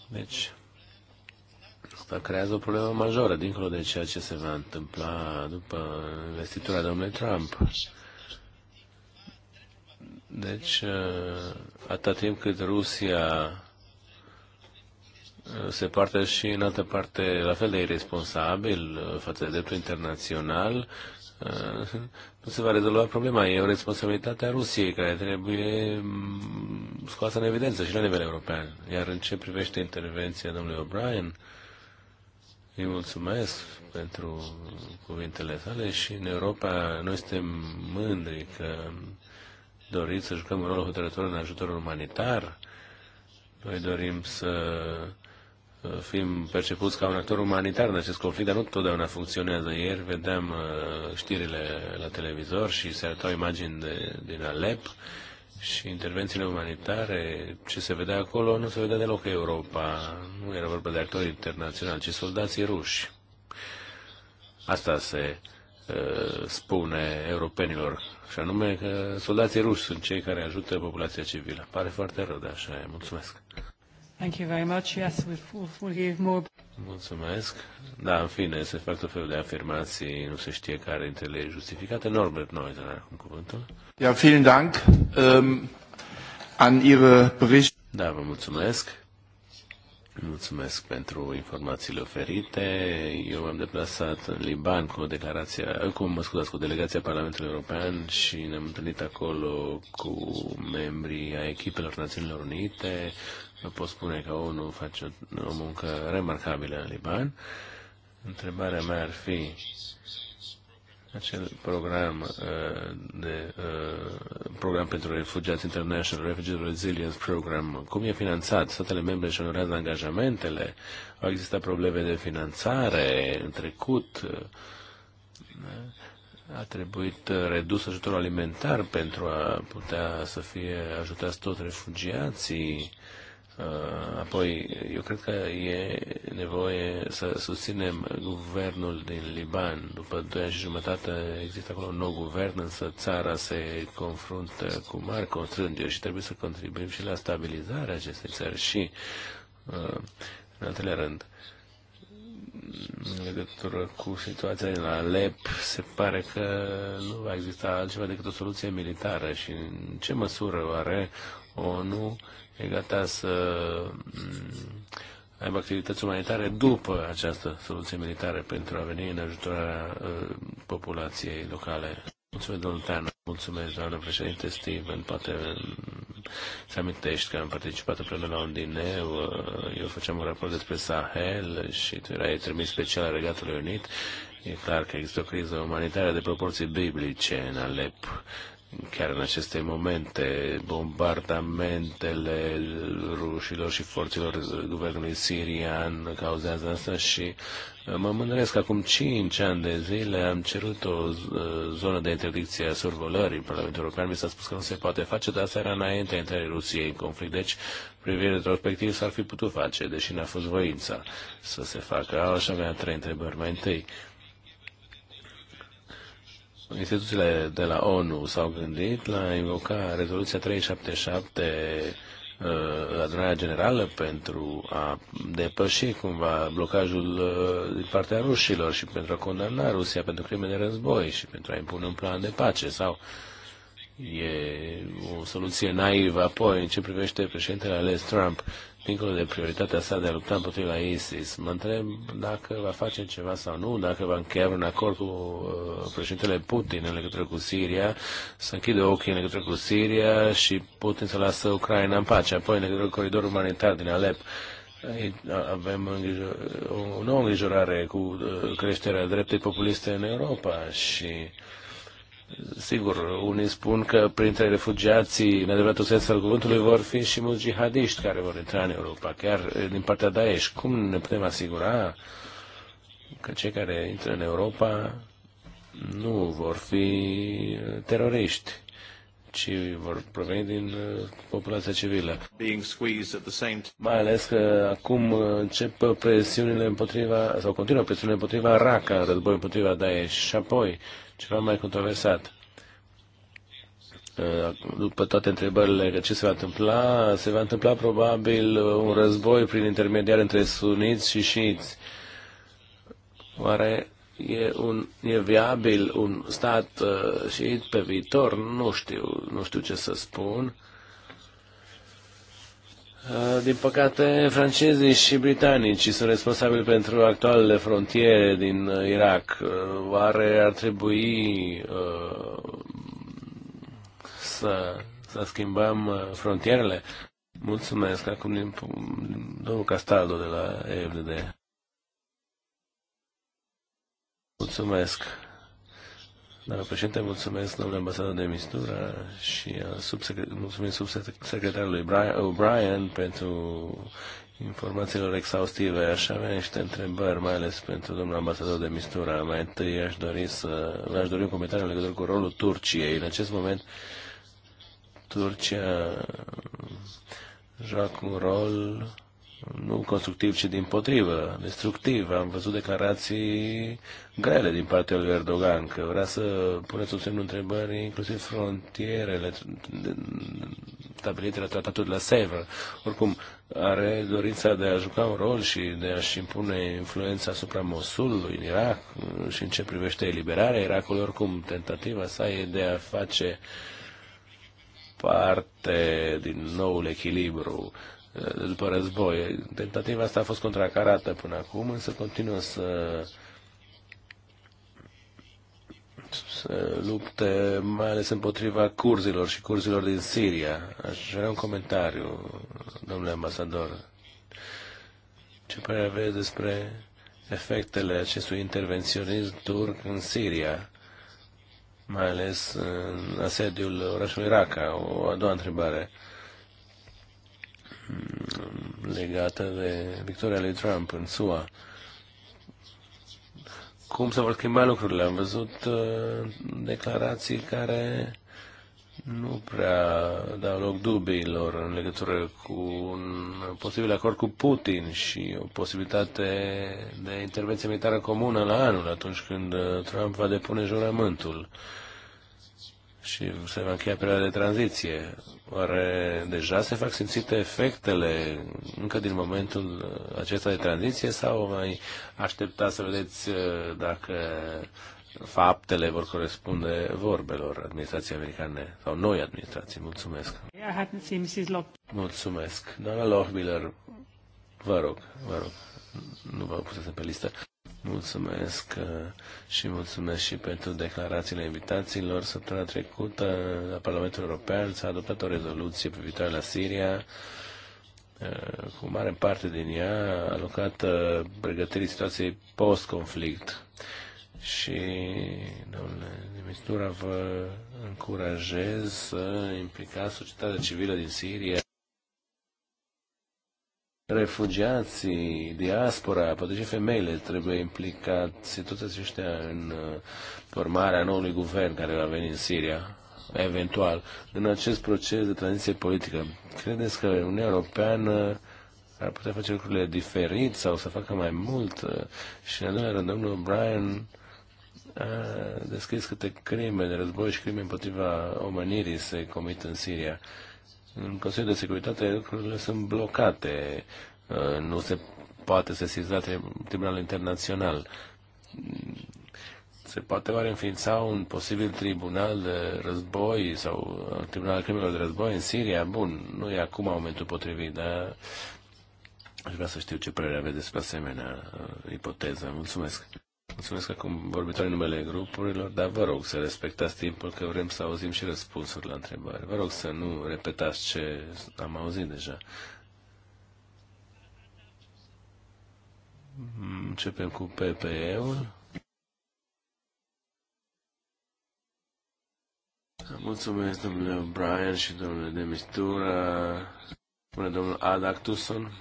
Deci, asta creează o problemă majoră, dincolo de ceea ce se va întâmpla după investitura domnului Trump. Deci, uh, atâta timp cât Rusia se poartă și în altă parte la fel de irresponsabil uh, față de dreptul internațional, nu uh, se va rezolva problema. E o responsabilitate a Rusiei care trebuie mm, scoasă în evidență și la nivel european. Iar în ce privește intervenția domnului O'Brien, îi mulțumesc pentru cuvintele sale și în Europa noi suntem mândri că doriți să jucăm un rol hotărător în ajutorul umanitar. Noi dorim să fim percepuți ca un actor umanitar în acest conflict, dar nu totdeauna funcționează. Ieri vedeam uh, știrile la televizor și se arătau imagini de, din Alep și intervențiile umanitare, ce se vedea acolo, nu se vedea deloc Europa. Nu era vorba de actori internaționali, ci soldații ruși. Asta se uh, spune europenilor, și anume că soldații ruși sunt cei care ajută populația civilă. Pare foarte rău, dar așa e. Mulțumesc. Thank you very much. Yes, we'll, we'll hear more. Mulțumesc. Da, în fine, se fac tot felul de afirmații, nu se știe care dintre ele e justificată. Norbert Neuser, în cuvântul. Ja, vielen Dank um, an Ihre Bericht. Da, vă mulțumesc. Mulțumesc pentru informațiile oferite. Eu m-am deplasat în Liban cu o declarație, cum mă scuzați, cu delegația Parlamentului European și ne-am întâlnit acolo cu membrii a echipelor Națiunilor Unite, eu pot spune că ONU face o, o muncă remarcabilă în Liban. Întrebarea mea ar fi acel program uh, de uh, program pentru refugiați International Refugee Resilience Program, cum e finanțat? Statele membre își onorează angajamentele? Au existat probleme de finanțare în trecut? Uh, a trebuit uh, redus ajutorul alimentar pentru a putea să fie ajutați tot refugiații? Uh, apoi, eu cred că e nevoie să susținem guvernul din Liban. După doi ani și jumătate există acolo un nou guvern, însă țara se confruntă cu mari constrângeri și trebuie să contribuim și la stabilizarea acestei țări. Și, uh, în al treilea rând, în legătură cu situația din Alep, se pare că nu va exista altceva decât o soluție militară și în ce măsură oare ONU e gata să mm, aibă activități umanitare după această soluție militară pentru a veni în ajutorarea uh, populației locale. Mulțumesc, domnul Teanu. Mulțumesc, doamnă președinte Steven. Poate mm, se amintești că am participat în la un uh, Eu făceam un raport despre Sahel și tu erai trimis special Regatului Unit. E clar că există o criză umanitară de proporții biblice în Alep chiar în aceste momente, bombardamentele rușilor și forțelor guvernului sirian cauzează asta și uh, mă mândresc. Acum 5 ani de zile am cerut o uh, zonă de interdicție a survolării în Parlamentul European. Mi s-a spus că nu se poate face, dar asta era înainte intrării Rusiei în conflict. Deci, privire retrospectiv s-ar fi putut face, deși n-a fost voința să se facă. Așa avea trei întrebări. Mai întâi, instituțiile de la ONU s-au gândit la invoca rezoluția 377 la uh, adunarea generală pentru a depăși cumva blocajul uh, din partea rușilor și pentru a condamna Rusia pentru crime de război și pentru a impune un plan de pace sau e o soluție naivă. Apoi, în ce privește președintele ales Trump, dincolo de prioritatea sa de a lupta împotriva ISIS, mă întreb dacă va face ceva sau nu, dacă va încheia un acord cu uh, președintele Putin în legătură cu Siria, să închide ochii în legătură cu Siria și Putin să lasă Ucraina în pace, apoi în legătură cu coridorul umanitar din Alep. Avem o nouă îngrijorare cu uh, creșterea dreptei populiste în Europa și uh, Sigur, unii spun că printre refugiații, în adevăratul sens al cuvântului, vor fi și mulți jihadiști care vor intra în Europa, chiar eh, din partea Daesh. Cum ne putem asigura că cei care intră în Europa nu vor fi eh, teroriști, ci vor proveni din eh, populația civilă. Mai ales că acum încep presiunile împotriva, sau continuă presiunile împotriva RACA, război împotriva Daesh, și apoi ceva mai controversat. Uh, după toate întrebările ce se va întâmpla, se va întâmpla probabil un război prin intermediar între suniți și șiiți. Oare e, un, e viabil un stat uh, șiit pe viitor? Nu știu, nu știu ce să spun. Uh, Uh, din păcate, francezii și britanicii sunt responsabili pentru actualele frontiere din uh, Irak. Uh, oare ar trebui să, să schimbăm frontierele? Mulțumesc. Acum din, domnul Castaldo de la EFDD. Mulțumesc. Doamna președinte, mulțumesc domnule ambasador de mistura și uh, subsecre- mulțumesc subsecretarului O'Brien pentru informațiilor exhaustive. Aș avea niște întrebări, mai ales pentru domnul ambasador de mistura. Mai întâi aș dori să aș dori un comentariu în legătură cu rolul Turciei. În acest moment Turcia joacă un rol nu constructiv, ci din potrivă, destructiv. Am văzut declarații grele din partea lui Erdogan, că vrea să pune sub semnul întrebării inclusiv frontierele stabilite la tratatul de la Sever. Oricum, are dorința de a juca un rol și de a-și impune influența asupra Mosulului, în Irak, și în ce privește eliberarea Irakului, oricum, tentativa sa e de a face parte din noul echilibru uh, Eh, după război. Tentativa asta a fost contracarată până acum, însă continuă să să lupte mai ales împotriva curzilor și curzilor din Siria. Aș vrea un comentariu, domnule ambasador. Ce părere aveți despre efectele acestui intervenționism turc în Siria, mai ales în asediul orașului Raqqa? O a doua întrebare. Uh, Mm, legată de victoria lui Trump în SUA. Cum se vor schimba lucrurile? Am văzut uh, declarații care nu prea dau loc dubiilor în legătură cu un posibil acord cu Putin și o posibilitate de intervenție militară comună la anul, atunci când uh, Trump va depune jurământul. Uh, și se va încheia perioada de tranziție. Oare deja se fac simțite efectele încă din momentul acesta de tranziție sau mai aștepta să vedeți uh, dacă faptele vor corespunde vorbelor administrației americane sau noi administrații? Mulțumesc! Mulțumesc! Doamna Lohbiller, vă rog, vă rog, nu vă pusese pe listă. Mulțumesc uh, și mulțumesc și pentru declarațiile invitațiilor. Săptămâna trecută, la Parlamentul European s-a adoptat o rezoluție privitoare la Siria, uh, cu mare parte din ea alocată uh, pregătirii situației post-conflict. Și, domnule Dimistura, vă încurajez să implicați societatea civilă din Siria refugiații, diaspora, poate și femeile trebuie implicați, toți aceștia în uh, formarea noului guvern care va veni în Siria, eventual, în acest proces de tranziție politică. Credeți că Uniunea Europeană ar putea face lucrurile diferit sau să facă mai mult? Uh, și în al doilea rând, domnul Brian a descris câte crime de război și crime împotriva omenirii se comit în Siria. În Consiliul de Securitate lucrurile sunt blocate. Uh, nu se poate sesiza Tribunalul Internațional. Se poate oare înființa un posibil tribunal de război sau uh, tribunal crimelor de război în Siria? Bun, nu e acum momentul potrivit, dar aș vrea să știu ce părere aveți despre asemenea uh, ipoteză. Mulțumesc! Mulțumesc acum vorbitorii numele grupurilor, dar vă rog să respectați timpul, că vrem să auzim și răspunsuri la întrebare. Vă rog să nu repetați ce am auzit deja. Începem cu PPE-ul. Mulțumesc, domnule Brian și domnule Demistura. Bună, domnul Adactuson.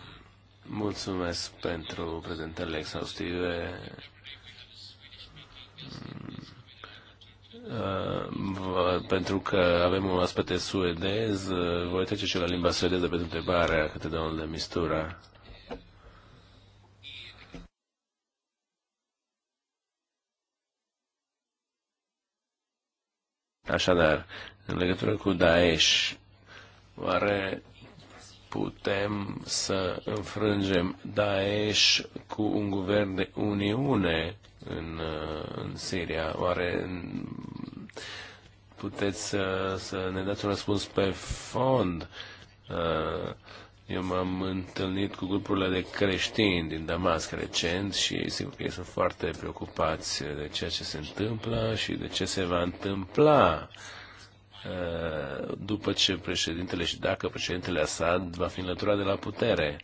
Mulțumesc pentru prezentările exhaustive Uh, pentru că avem un aspect suedez, uh, voi trece și la limba suedeză pentru întrebarea către domnul de Mistura. Așadar, în legătură cu Daesh, oare putem să înfrângem Daesh cu un guvern de Uniune în, uh, în Siria. Oare puteți să, să ne dați un răspuns pe fond? Uh, eu m-am întâlnit cu grupurile de creștini din Damasc recent și sigur că ei sunt foarte preocupați de ceea ce se întâmplă și de ce se va întâmpla uh, după ce președintele și dacă președintele Assad va fi înlăturat de la putere.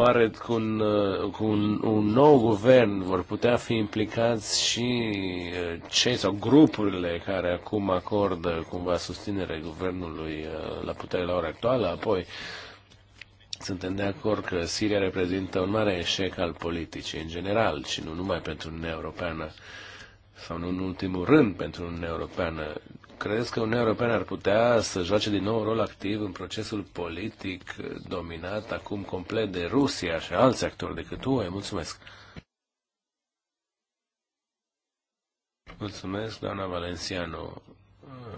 Oare cu un, uh, cu un, un nou guvern vor putea fi implicați și uh, cei sau grupurile care acum acordă cumva susținere guvernului uh, la putere la ora actuală? Apoi, suntem de acord că Siria reprezintă un mare eșec al politicii în general și nu numai pentru Uniunea Europeană sau nu în ultimul rând pentru Uniunea Europeană crezi că Uniunea Europeană ar putea să joace din nou un rol activ în procesul politic dominat acum complet de Rusia și alți actori decât UE? Mulțumesc! Mulțumesc, doamna Valenciano,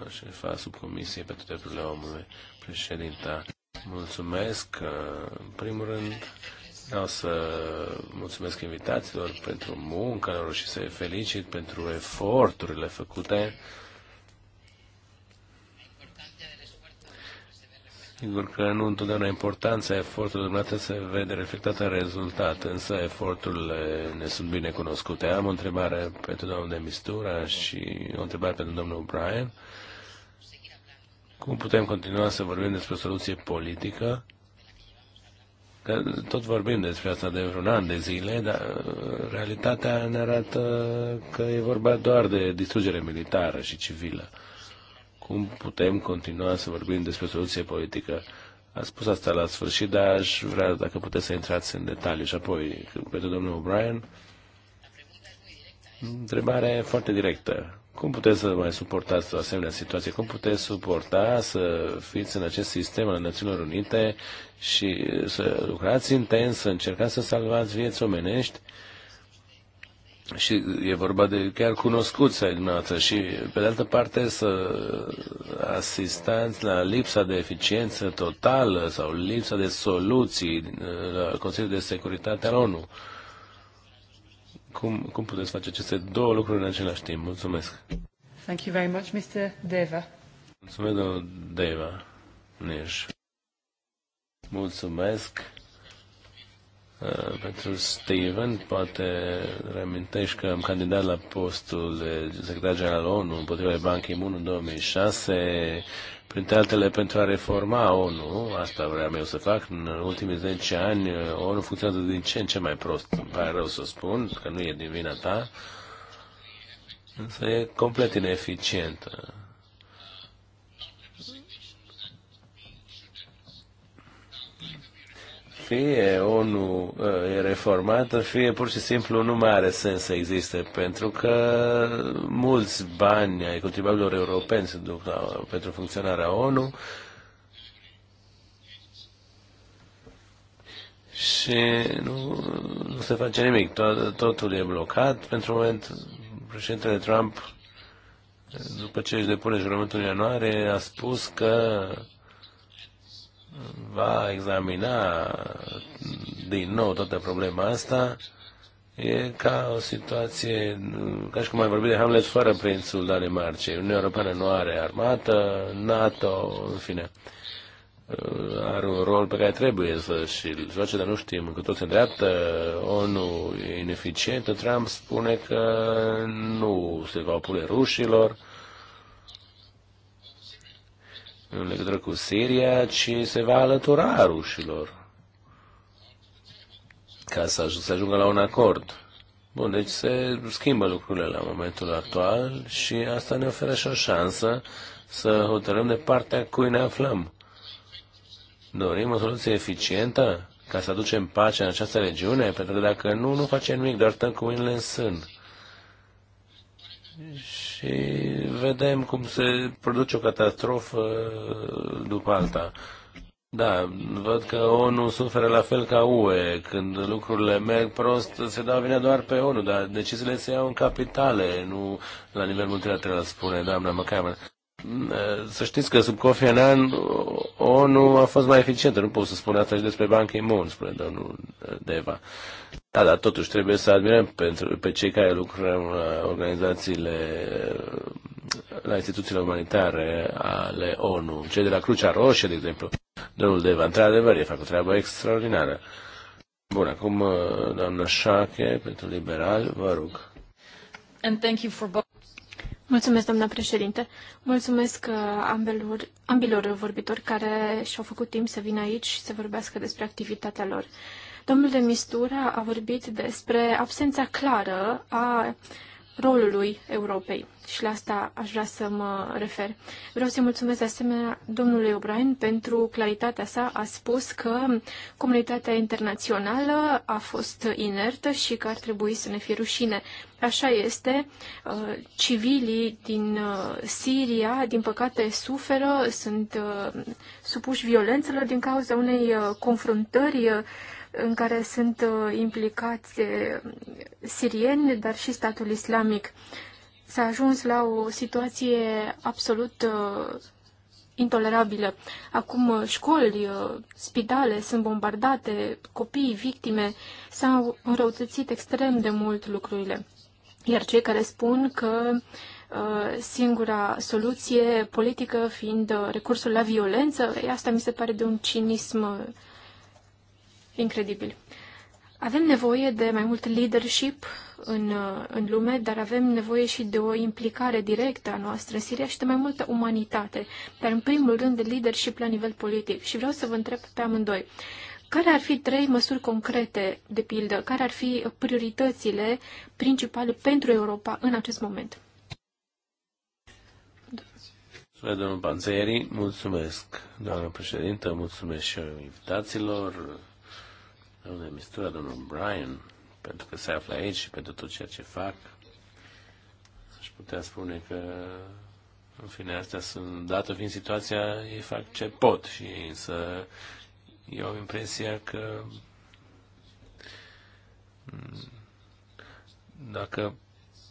șefa subcomisiei pentru drepturile omului, președinta. Mulțumesc, în primul rând, Vreau să mulțumesc invitațiilor pentru muncă și să-i felicit pentru eforturile făcute Sigur că nu întotdeauna importanța efortului dumneavoastră se vede reflectată în rezultat, însă eforturile ne sunt bine cunoscute. Am o întrebare pentru domnul de Mistura și o întrebare pentru domnul Brian. Cum putem continua să vorbim despre o soluție politică? Că tot vorbim despre asta de vreun an de zile, dar uh, realitatea ne arată că e vorba doar de distrugere militară și civilă cum putem continua să vorbim despre soluție politică. A spus asta la sfârșit, dar aș vrea dacă puteți să intrați în detaliu. Și apoi, pentru domnul O'Brien, întrebare foarte directă. Cum puteți să mai suportați o asemenea situație? Cum puteți suporta să fiți în acest sistem al Națiunilor Unite și să lucrați intens, să încercați să salvați vieți omenești și e vorba de chiar cunoscuți ai dumneavoastră și, pe de altă parte, să asistați la lipsa de eficiență totală sau lipsa de soluții la Consiliul de Securitate al ONU. Cum, cum puteți face aceste două lucruri în același timp? Mulțumesc! Thank you very much, Mr. Deva. Mulțumesc, domnul Deva. Nici. Mulțumesc. Uh, pentru Steven, poate reamintești că am candidat la postul de secretar general ONU împotriva Ban Ki-moon în 2006, printre altele pentru a reforma ONU, asta vreau eu să fac, în ultimii 10 ani uh, ONU funcționează din ce în ce mai prost, îmi pare rău să spun, că nu e din vina ta, însă e complet ineficientă. fie ONU ă, e reformată, fie pur și simplu nu mai are sens să existe, pentru că mulți bani ai contribuabililor europeni se duc la, pentru funcționarea ONU și nu, nu se face nimic, Tot, totul e blocat. Pentru moment, președintele Trump, după ce își depune jurământul în ianuarie, a spus că va examina din nou toată problema asta. E ca o situație, ca și cum ai vorbit de Hamlet fără prințul Danemarcei. Uniunea Europeană nu are armată, NATO, în fine, are un rol pe care trebuie să și-l joace, dar nu știm că toți în dreaptă, ONU e ineficientă, Trump spune că nu se va opune rușilor, în legătură cu Siria, ci se va alătura rușilor ca să, ajungă la un acord. Bun, deci se schimbă lucrurile la momentul actual și asta ne oferă și o șansă să hotărâm de partea cui ne aflăm. Dorim o soluție eficientă ca să aducem pace în această regiune, pentru că dacă nu, nu facem nimic, doar stăm cu mâinile în sân și vedem cum se produce o catastrofă după alta. Da, văd că ONU suferă la fel ca UE. Când lucrurile merg prost, se dau vina doar pe ONU, dar deciziile se iau în capitale, nu la nivel multilateral, spune doamna McCameron. Să știți că sub Kofi Annan ONU a fost mai eficientă. Nu pot să spun asta și despre Banca Imun, spune domnul uh, Deva. Da, dar totuși trebuie să admirăm pentru, pe cei care lucrăm la uh, organizațiile, uh, la instituțiile umanitare ale ONU. Cei de la Crucea Roșie, de exemplu. Domnul Deva, într-adevăr, e fac o treabă extraordinară. Bun, acum doamna Șache, pentru liberal, vă rog. And thank you for both. Mulțumesc, doamna președinte. Mulțumesc uh, ambelor, ambilor vorbitori care și-au făcut timp să vină aici și să vorbească despre activitatea lor. Domnul de Mistura a vorbit despre absența clară a rolului Europei. Și la asta aș vrea să mă refer. Vreau să-i mulțumesc de asemenea domnului O'Brien pentru claritatea sa. A spus că comunitatea internațională a fost inertă și că ar trebui să ne fie rușine. Așa este. Uh, civilii din uh, Siria, din păcate, suferă, sunt uh, supuși violențelor din cauza unei confruntări în care sunt uh, implicați uh, sirieni, dar și statul islamic. S-a ajuns la o situație absolut uh, intolerabilă. Acum școli, spitale sunt bombardate, copii, victime, s-au înrăutățit extrem de mult lucrurile. Iar cei care spun că singura soluție politică fiind recursul la violență, asta mi se pare de un cinism incredibil. Avem nevoie de mai mult leadership în, în lume, dar avem nevoie și de o implicare directă a noastră în Siria și de mai multă umanitate, dar în primul rând de leadership la nivel politic. Și vreau să vă întreb pe amândoi, care ar fi trei măsuri concrete, de pildă, care ar fi prioritățile principale pentru Europa în acest moment? Spune domnul Panzeri, mulțumesc, doamnă președintă, mulțumesc și invitațiilor domnule Mistura, domnul Brian, pentru că se află aici și pentru tot ceea ce fac. Aș putea spune că, în fine, astea sunt, dată fiind situația, ei fac ce pot și însă eu am impresia că mm, dacă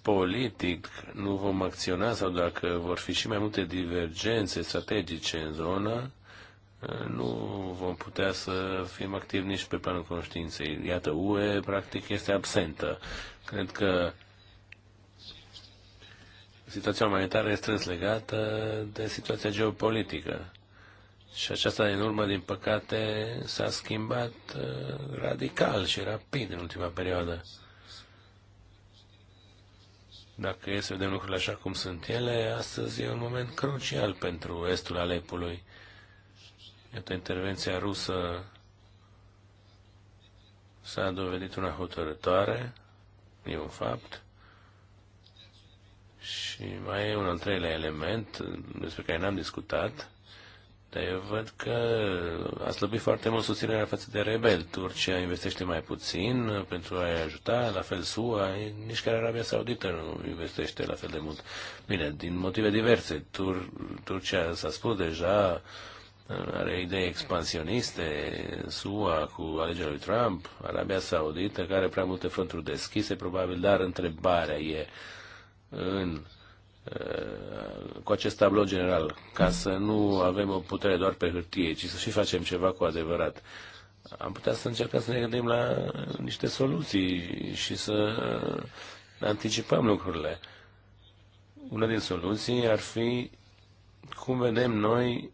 politic nu vom acționa sau dacă vor fi și mai multe divergențe strategice în zonă, nu vom putea să fim activi nici pe planul conștiinței. Iată, UE practic este absentă. Cred că situația umanitară este strâns legată de situația geopolitică. Și aceasta, în urmă, din păcate, s-a schimbat uh, radical și rapid în ultima perioadă. Dacă e să vedem lucrurile așa cum sunt ele, astăzi e un moment crucial pentru estul Alepului Iată, intervenția rusă s-a dovedit una hotărătoare, e un fapt. Și mai e un al treilea element despre care n-am discutat, dar eu văd că a slăbit foarte mult susținerea față de rebel. Turcia investește mai puțin pentru a-i ajuta, la fel SUA, nici care Arabia Saudită nu investește la fel de mult. Bine, din motive diverse. Tur- Turcia s-a spus deja, uh, are idei expansioniste, SUA cu alegerea lui Trump, Arabia Saudită, care are prea multe fronturi deschise, probabil, dar întrebarea e în uh, cu acest tablou general, ca să nu avem o putere doar pe hârtie, ci să și facem ceva cu adevărat. Am putea să încercăm să ne gândim la niște soluții și să anticipăm lucrurile. Una din soluții ar fi cum vedem noi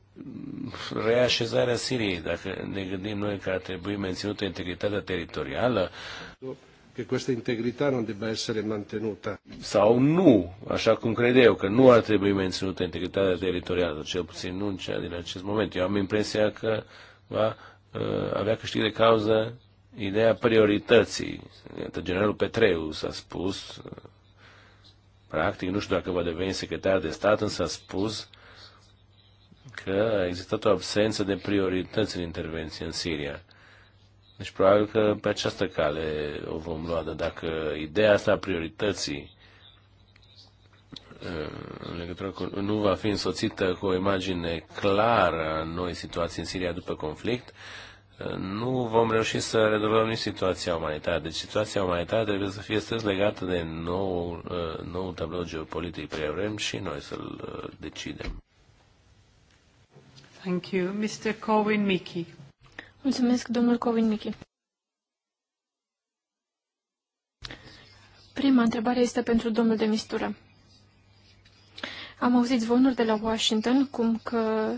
reașezarea Siriei, dacă ne gândim noi că ar trebui menținută integritatea teritorială. Că această integritate nu trebuie să fie mantenută. Sau nu, așa cum cred eu, că nu ar trebui menținută integritatea teritorială, cel puțin nu în cea din acest moment. Eu am impresia că va uh, avea câștig de cauză ideea priorității. Iată, generalul Petreu s-a spus, uh, practic, nu știu dacă va deveni secretar de stat, însă a spus că a existat o absență de priorități în intervenție în Siria. Deci probabil că pe această cale o vom lua, dar dacă ideea asta a priorității uh, în legătură cu, nu va fi însoțită cu o imagine clară a noi situații în Siria după conflict, uh, nu vom reuși să rezolvăm nici situația umanitară. Deci situația umanitară trebuie să fie strâns legată de nou, uh, nou tablou geopolitic pe care vrem și noi să-l decidem. Thank you. Mr. Corwin Mickey. Mulțumesc, domnul Corwin Mickey. Prima întrebare este pentru domnul de mistură. Am auzit zvonuri de la Washington cum că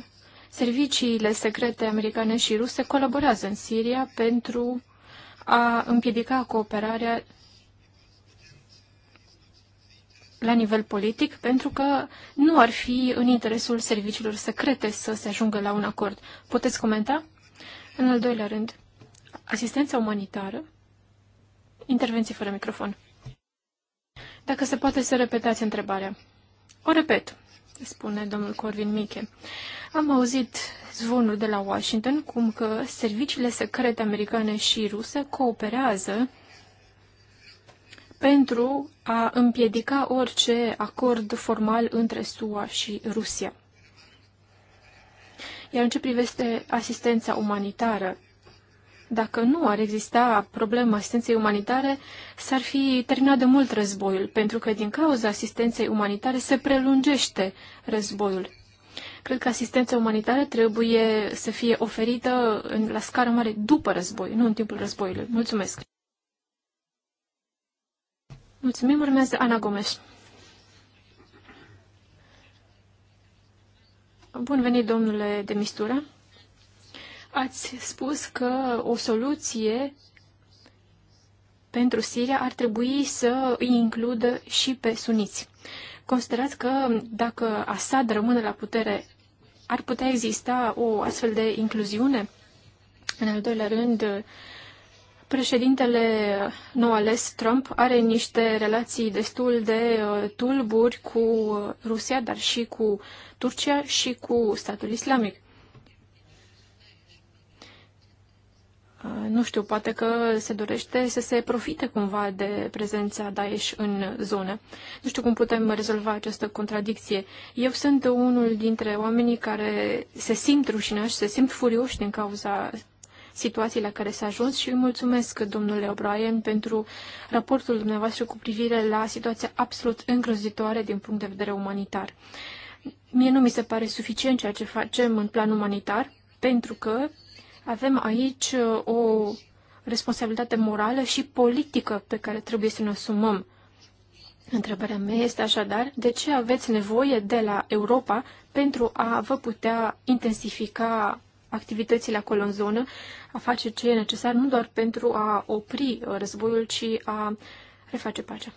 serviciile secrete americane și ruse colaborează în Siria pentru a împiedica cooperarea la nivel politic, pentru că nu ar fi în interesul serviciilor secrete să se ajungă la un acord. Puteți comenta? În al doilea rând, asistența umanitară, intervenții fără microfon. Dacă se poate să repetați întrebarea. O repet, spune domnul Corvin Miche. Am auzit zvonul de la Washington cum că serviciile secrete americane și ruse cooperează pentru a împiedica orice acord formal între SUA și Rusia. Iar în ce privește asistența umanitară, dacă nu ar exista problema asistenței umanitare, s-ar fi terminat de mult războiul, pentru că din cauza asistenței umanitare se prelungește războiul. Cred că asistența umanitară trebuie să fie oferită la scară mare după război, nu în timpul războiului. Mulțumesc! Mulțumim, urmează Ana Gomes. Bun venit, domnule de mistură. Ați spus că o soluție pentru Siria ar trebui să îi includă și pe suniți. Considerați că dacă Assad rămâne la putere, ar putea exista o astfel de incluziune? În al doilea rând, Președintele nou ales Trump are niște relații destul de uh, tulburi cu Rusia, dar și cu Turcia și cu statul islamic. Uh, nu știu, poate că se dorește să se profite cumva de prezența Daesh în zonă. Nu știu cum putem rezolva această contradicție. Eu sunt unul dintre oamenii care se simt rușinași, se simt furioși din cauza situații la care s-a ajuns și îi mulțumesc, domnule O'Brien, pentru raportul dumneavoastră cu privire la situația absolut îngrozitoare din punct de vedere umanitar. Mie nu mi se pare suficient ceea ce facem în plan umanitar, pentru că avem aici uh, o responsabilitate morală și politică pe care trebuie să ne asumăm. Întrebarea mea este așadar, de ce aveți nevoie de la Europa pentru a vă putea intensifica activitățile acolo în zonă, a face ce e necesar nu doar pentru a opri uh, războiul, ci a reface pacea.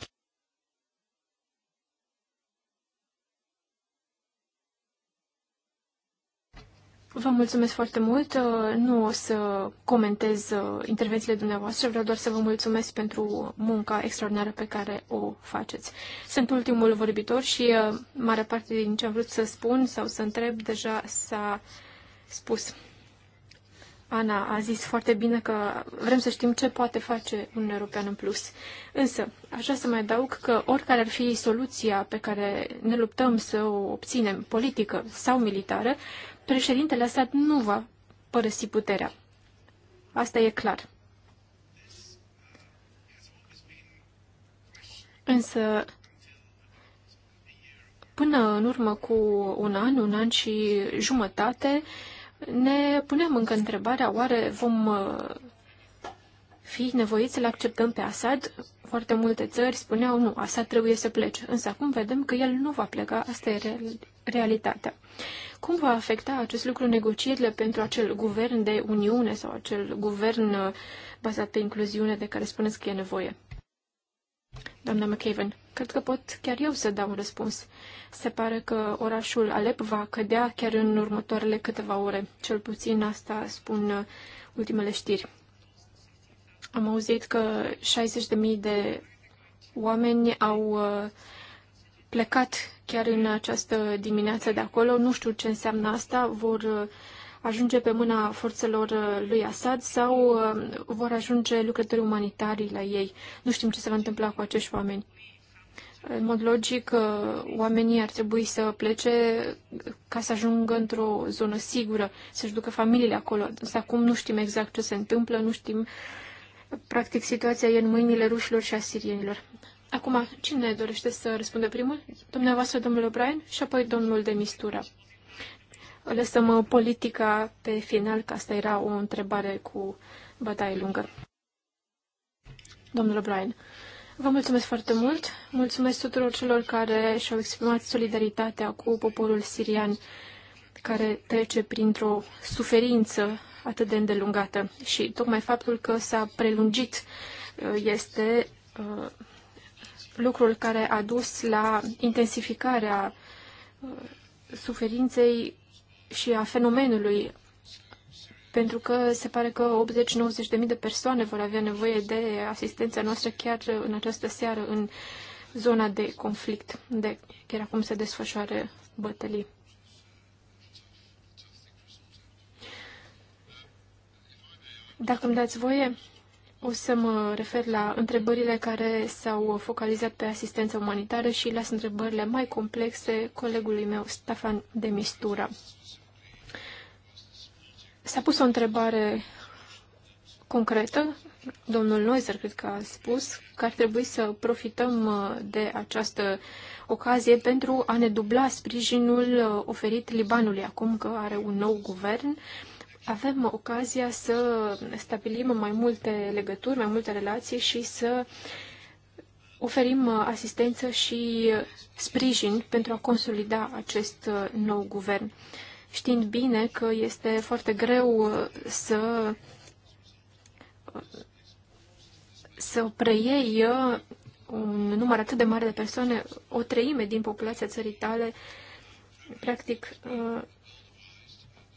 Vă mulțumesc foarte mult. Uh, nu o să comentez uh, intervențiile dumneavoastră, vreau doar să vă mulțumesc pentru munca extraordinară pe care o faceți. Sunt ultimul vorbitor și mare parte din ce am vrut să spun sau să întreb deja s-a spus. Ana a zis foarte bine că vrem să știm ce poate face un european în plus. Însă, aș vrea să mai adaug că oricare ar fi soluția pe care ne luptăm să o obținem, politică sau militară, președintele Assad nu va părăsi puterea. Asta e clar. Însă, până în urmă cu un an, un an și jumătate, uh, ne puneam încă întrebarea, oare vom uh, fi nevoiți să-l acceptăm pe Assad? Foarte multe țări spuneau, nu, Assad trebuie să plece. Însă acum vedem că el nu va pleca, asta e realitatea. Cum va afecta acest lucru negocierile pentru acel guvern de uniune sau acel guvern uh, bazat pe incluziune de care spuneți că e nevoie? Doamna McCaven. Cred că pot chiar eu să dau un răspuns. Se pare că orașul Alep va cădea chiar în următoarele câteva ore. Cel puțin asta spun uh, ultimele știri. Am auzit că 60.000 de oameni au uh, plecat chiar în această dimineață de acolo. Nu știu ce înseamnă asta. Vor uh, ajunge pe mâna forțelor lui Assad sau vor ajunge lucrători umanitari la ei. Nu știm ce se va întâmpla cu acești oameni. În mod logic, uh, oamenii ar trebui să plece ca să ajungă într-o zonă sigură, să-și ducă familiile acolo. Însă acum nu știm exact ce se întâmplă, nu știm. Practic, situația e în mâinile rușilor și asirienilor. sirienilor. Acum, cine dorește să răspundă primul? Dumneavoastră, domnul O'Brien, și apoi domnul de mistura. Lăsăm uh, politica pe final, că asta era o întrebare cu bătaie lungă. Domnul O'Brien. Vă mulțumesc foarte mult. Mulțumesc tuturor celor care și-au exprimat solidaritatea cu poporul sirian care trece printr-o suferință atât de îndelungată. Și tocmai faptul că s-a prelungit uh, este uh, lucrul care a dus la intensificarea uh, suferinței și a fenomenului pentru că se pare că 80-90 de mii de persoane vor avea nevoie de asistența noastră chiar în această seară în zona de conflict, de chiar acum se desfășoară bătălii. Dacă îmi dați voie, o să mă refer la întrebările care s-au focalizat pe asistența umanitară și las întrebările mai complexe colegului meu, Stefan de Mistura. S-a pus o întrebare concretă. Domnul Noizer, cred că a spus că ar trebui să profităm uh, de această ocazie pentru a ne dubla sprijinul uh, oferit Libanului acum că are un nou guvern. Avem ocazia să stabilim mai multe legături, mai multe relații și să oferim uh, asistență și sprijin pentru a consolida acest nou guvern știind bine că este foarte greu uh, să uh, să preiei uh, un număr atât de mare de persoane, o treime din populația țării tale, practic,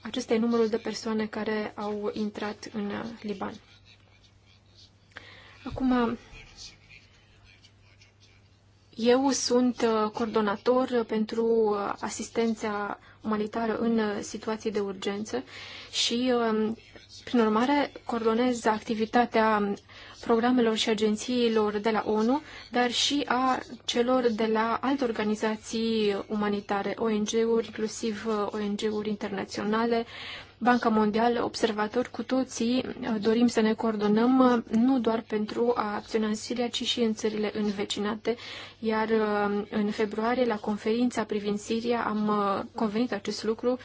acesta e numărul de persoane care au intrat în Liban. Acum, eu sunt coordonator pentru asistența umanitară în uh, situații de urgență și, um, prin urmare, coordonez activitatea programelor și agențiilor de la ONU, dar și a celor de la alte organizații umanitare, ONG-uri, inclusiv uh, ONG-uri internaționale, Banca Mondială, observatori, cu toții uh, dorim să ne coordonăm uh, nu doar pentru a acționa în Siria, ci și în țările învecinate. Iar uh, în februarie, la conferința privind Siria, am convenit acest lucru.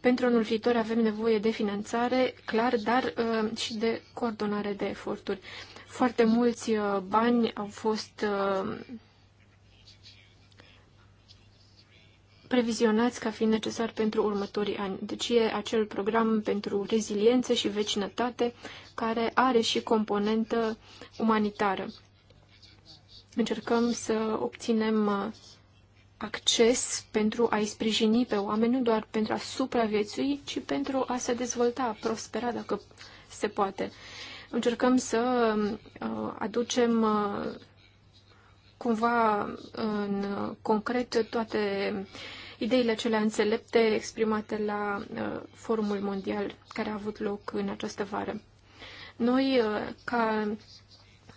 Pentru anul viitor avem nevoie de finanțare, clar, dar și de coordonare de eforturi. Foarte mulți bani au fost previzionați ca fiind necesar pentru următorii ani. Deci e acel program pentru reziliență și vecinătate care are și componentă umanitară. Încercăm să obținem uh, acces pentru a-i sprijini pe oameni, nu doar pentru a supraviețui, ci pentru a se dezvolta, a prospera, dacă se poate. Încercăm să uh, aducem uh, cumva în concret toate ideile cele înțelepte exprimate la uh, forumul mondial care a avut loc în această vară. Noi, uh, ca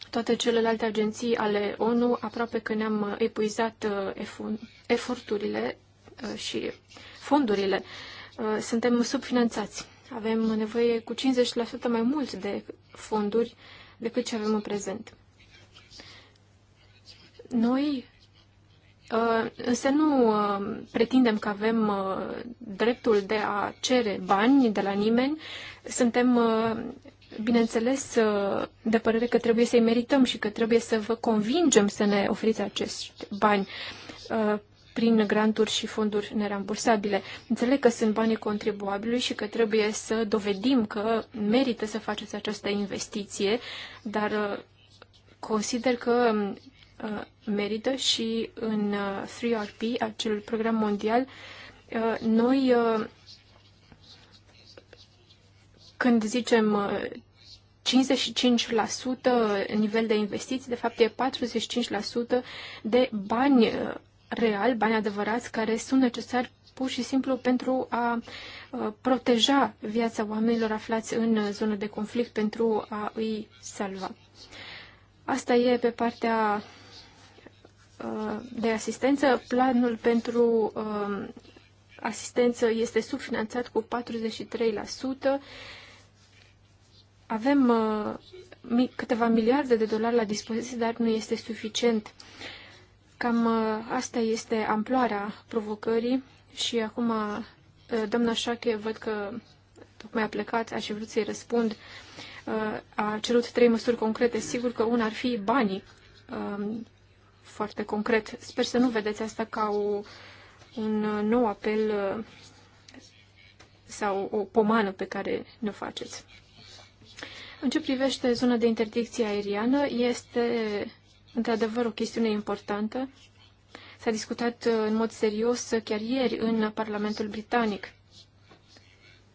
toate celelalte agenții ale ONU, aproape că ne-am uh, epuizat eforturile și fondurile. Suntem subfinanțați. Avem nevoie cu 50% mai mult de fonduri decât ce avem în prezent. Noi Uh, însă nu uh, pretindem că avem uh, dreptul de a cere bani de la nimeni. Suntem, bineînțeles, de părere că trebuie să-i merităm și că trebuie să vă convingem să ne oferiți acești bani prin granturi și fonduri nerambursabile. Înțeleg că sunt banii contribuabilului și că trebuie să dovedim că merită să faceți această investiție, dar consider că um, Uh, merită și în 3RP, uh, acel program mondial, uh, noi când zicem 55% nivel de investiții, de fapt e 45% de bani real, bani adevărați, care sunt necesari pur și simplu pentru a proteja viața oamenilor aflați în zonă de conflict, pentru a îi salva. Asta e pe partea de asistență, planul pentru um, asistență este subfinanțat cu 43%. Avem uh, câteva miliarde de dolari la dispoziție, dar nu este suficient. Cam uh, asta este amploarea provocării și acum uh, doamna Șache văd că tocmai a plecat, aș vrut să-i răspund, a cerut trei măsuri concrete. Sigur că una ar fi banii. Um, foarte concret. Sper să nu vedeți asta ca o, un nou apel uh, sau o pomană pe care ne faceți. În ce privește zona de interdicție aeriană, este într-adevăr o chestiune importantă. S-a discutat uh, în mod serios uh, chiar ieri în Parlamentul Britanic.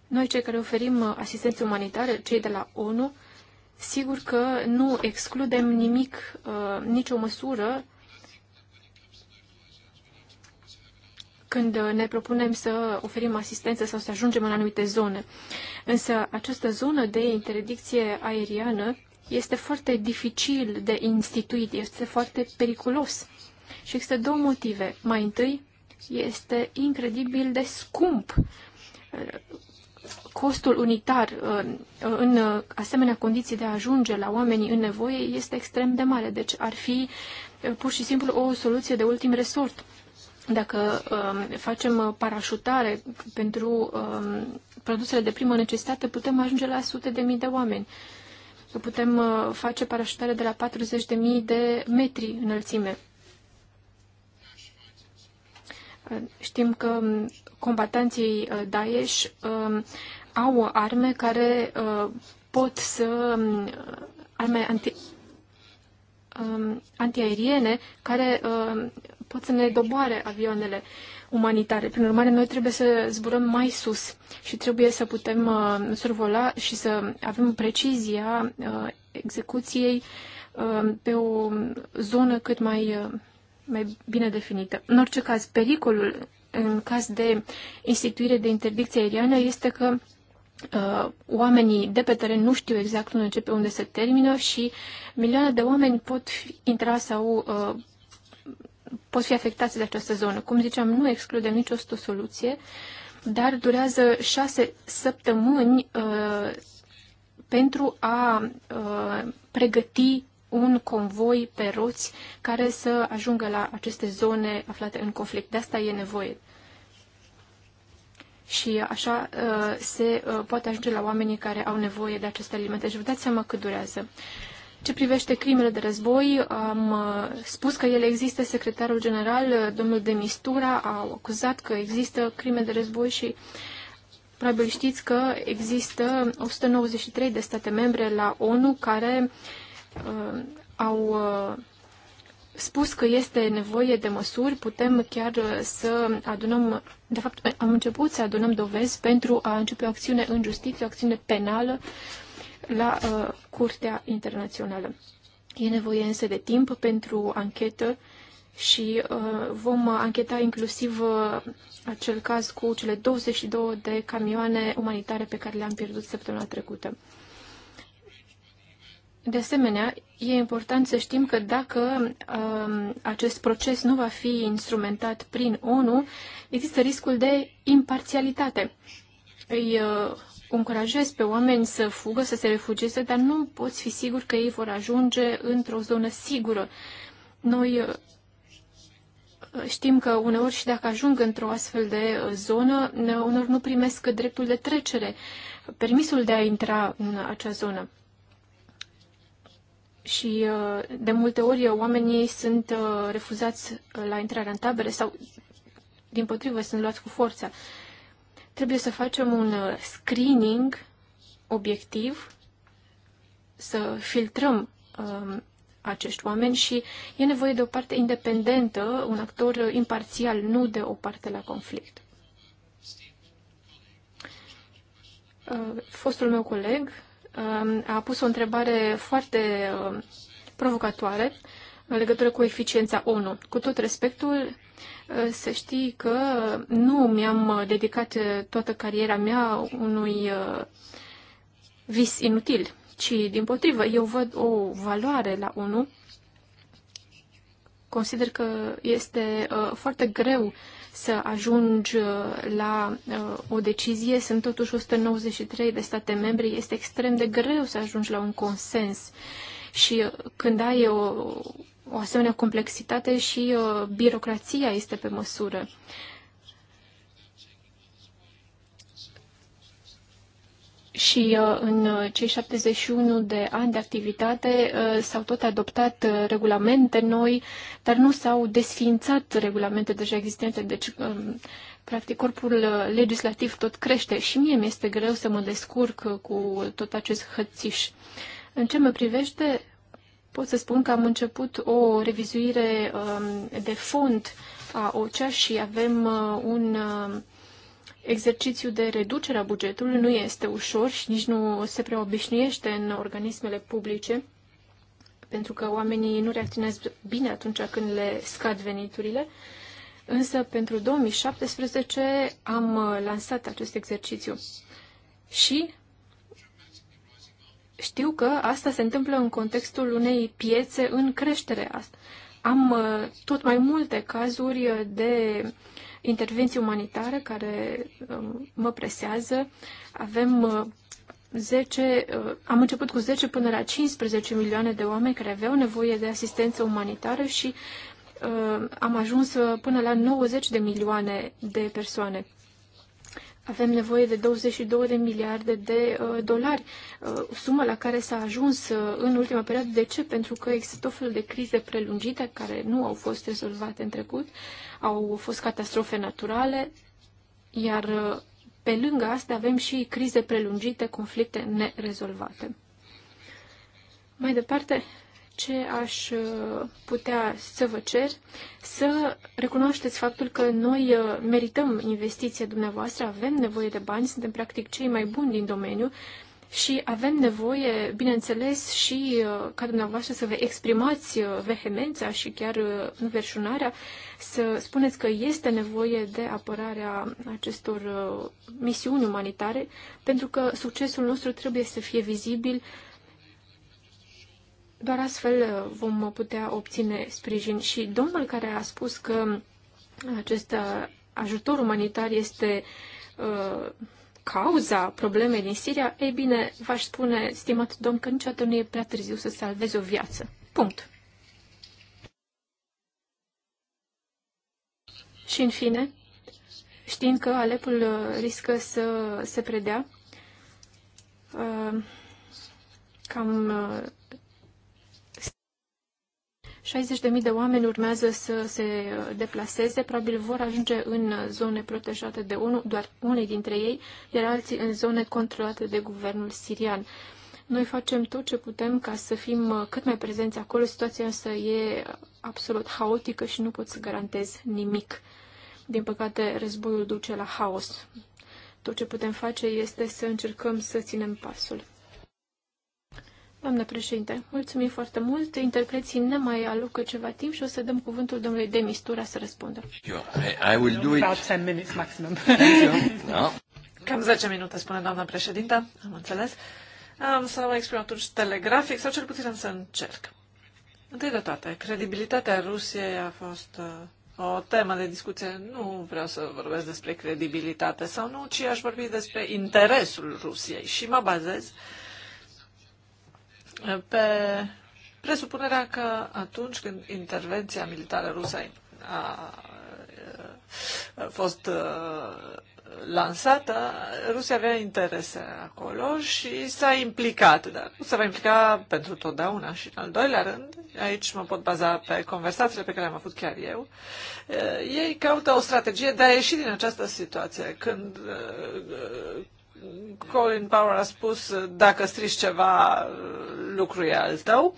Noi, cei care oferim asistență umanitară, cei de la ONU, sigur că nu excludem nimic, nicio măsură când ne propunem să oferim asistență sau să ajungem în anumite zone. Însă această zonă de interdicție aeriană este foarte dificil de instituit, este foarte periculos. Și există două motive. Mai întâi, este incredibil de scump uh, costul unitar uh, în uh, asemenea condiții de a ajunge la oamenii în nevoie este extrem de mare, deci ar fi pur și simplu o soluție de ultim resort. Dacă um, facem uh, parașutare pentru um, produsele de primă necesitate, putem ajunge la sute de mii de oameni. Putem uh, face parașutare de la 40 de mii de metri înălțime. Uh, știm că um, combatanții uh, Daesh um, au arme care pot să um, arme anti, antiaeriene care pot să ne doboare avioanele umanitare. Prin urmare, noi trebuie să zburăm mai sus și trebuie să putem uh, survola și să avem precizia uh, execuției uh, pe o zonă cât mai, uh, mai bine definită. În orice caz, pericolul în caz de instituire de interdicție aeriană este că uh, oamenii de pe teren nu știu exact unde începe, unde se termină și milioane de oameni pot intra sau uh, pot fi afectați de această zonă. Cum ziceam, nu excludem nicio soluție, dar durează șase săptămâni uh, pentru a uh, pregăti un convoi pe roți care să ajungă la aceste zone aflate în conflict. De asta e nevoie. Și așa uh, se uh, poate ajunge la oamenii care au nevoie de aceste alimente. Și vă dați seama cât durează. Uh, ce privește crimele de război, am uh, spus că ele există. Secretarul general, uh, domnul Demistura, a acuzat că există crime de război și probabil știți că există 193 de state membre la ONU care uh, au uh, spus că este nevoie de măsuri. Putem chiar uh, să adunăm, de fapt am început să adunăm dovezi pentru a începe o acțiune în justiție, o acțiune penală uh, la uh, Curtea Internațională. E nevoie însă de timp pentru anchetă și uh, vom ancheta inclusiv uh, acel caz cu cele 22 de camioane umanitare pe care le-am pierdut săptămâna trecută. De asemenea, e important să știm că dacă uh, acest proces nu va fi instrumentat prin ONU, există riscul de imparțialitate. Îi uh, încurajezi pe oameni să fugă, să se refugieze, dar nu poți fi sigur că ei vor ajunge într-o zonă sigură. Noi uh, știm că uneori și dacă ajung într-o astfel de uh, zonă, uneori nu primesc dreptul de trecere, permisul de a intra în acea zonă. Și uh, de multe ori oamenii sunt refuzați la intrarea în tabere sau, din potrivă, sunt luați cu forța. Trebuie să facem un uh, screening obiectiv, să filtrăm um, acești oameni și e nevoie de o parte independentă, un actor uh, imparțial, nu de o parte la conflict. Uh, fostul meu coleg um, a pus o întrebare foarte provocatoare în legătură cu eficiența ONU. Cu tot respectul, uh, să știi că nu mi-am uh, dedicat uh, toată cariera mea unui vis inutil, ci din potrivă, eu văd o valoare la ONU. Consider că este foarte greu să ajungi la o decizie. Sunt totuși 193 de state membre. Este extrem de greu să ajungi la un consens. Și când ai o, o asemenea complexitate și uh, birocrația este pe măsură. Și uh, în cei 71 de ani de activitate uh, s-au tot adoptat uh, regulamente noi, dar nu s-au desființat regulamente deja existente. Deci, uh, practic, corpul uh, legislativ tot crește și mie mi-este greu să mă descurc uh, cu tot acest hățiș. În ce mă privește, pot să spun că am început o revizuire um, de fond a OCEA și avem uh, un uh, exercițiu de reducere a bugetului. Nu este ușor și nici nu se prea obișnuiește în organismele publice, pentru că oamenii nu reacționează bine atunci când le scad veniturile. Însă pentru 2017 am uh, lansat acest exercițiu și știu că asta se întâmplă în contextul unei piețe în creștere. Am uh, tot mai multe cazuri uh, de intervenții umanitare care um, mă presează. Avem 10, uh, am început cu 10 până la 15 milioane de oameni care aveau nevoie de asistență umanitară și am ajuns până la 90 de milioane de persoane. Avem nevoie de 22 de miliarde de uh, dolari, uh, sumă la care s-a ajuns uh, în ultima perioadă. De ce? Pentru că există tot felul de crize prelungite care nu au fost rezolvate în trecut, au fost catastrofe naturale, iar uh, pe lângă asta avem și crize prelungite, conflicte nerezolvate. Mai departe, ce aș uh, putea să vă cer, să recunoașteți faptul că noi uh, merităm investiția dumneavoastră, avem nevoie de bani, suntem practic cei mai buni din domeniu și avem nevoie, bineînțeles, și uh, ca dumneavoastră să vă exprimați vehemența și chiar înverșunarea, să spuneți că este nevoie de apărarea acestor misiuni umanitare, pentru că succesul nostru trebuie să fie vizibil doar astfel uh, vom putea obține sprijin. Și domnul care a spus că acest uh, ajutor umanitar este uh, cauza problemei din Siria, ei bine, v-aș spune, stimat domn, că niciodată nu e prea târziu să salvezi o viață. Punct. Și în fine, știind că Alepul uh, riscă să se predea, cam 60.000 de oameni urmează să se uh, deplaseze, probabil vor ajunge în uh, zone protejate de ONU, doar unei dintre ei, iar alții în zone controlate de guvernul sirian. Noi facem tot ce putem ca să fim uh, cât mai prezenți acolo. Situația însă e absolut haotică și nu pot să garantez nimic. Din păcate, războiul duce la haos. Tot ce putem face este să încercăm să ținem pasul. Doamnă președinte, mulțumim foarte mult. Interpreții ne mai alocă ceva timp și o să dăm cuvântul domnului Demistura să răspundă. I, will do it. About 10 minutes maximum. no. Cam 10 minute, spune doamna președinte. Am înțeles. Am să mă exprim atunci telegrafic sau cel puțin am să încerc. Întâi de toate, credibilitatea Rusiei a fost uh, o temă de discuție. Nu vreau să vorbesc despre credibilitate sau nu, ci aș vorbi despre interesul Rusiei și mă bazez pe presupunerea că atunci când intervenția militară rusă a fost lansată, Rusia avea interese acolo și s-a implicat, dar nu se va implica pentru totdeauna. Și în al doilea rând, aici mă pot baza pe conversațiile pe care le-am avut chiar eu, ei caută o strategie de a ieși din această situație. Când Colin Powell a spus, dacă strici ceva, lucrul e al tău,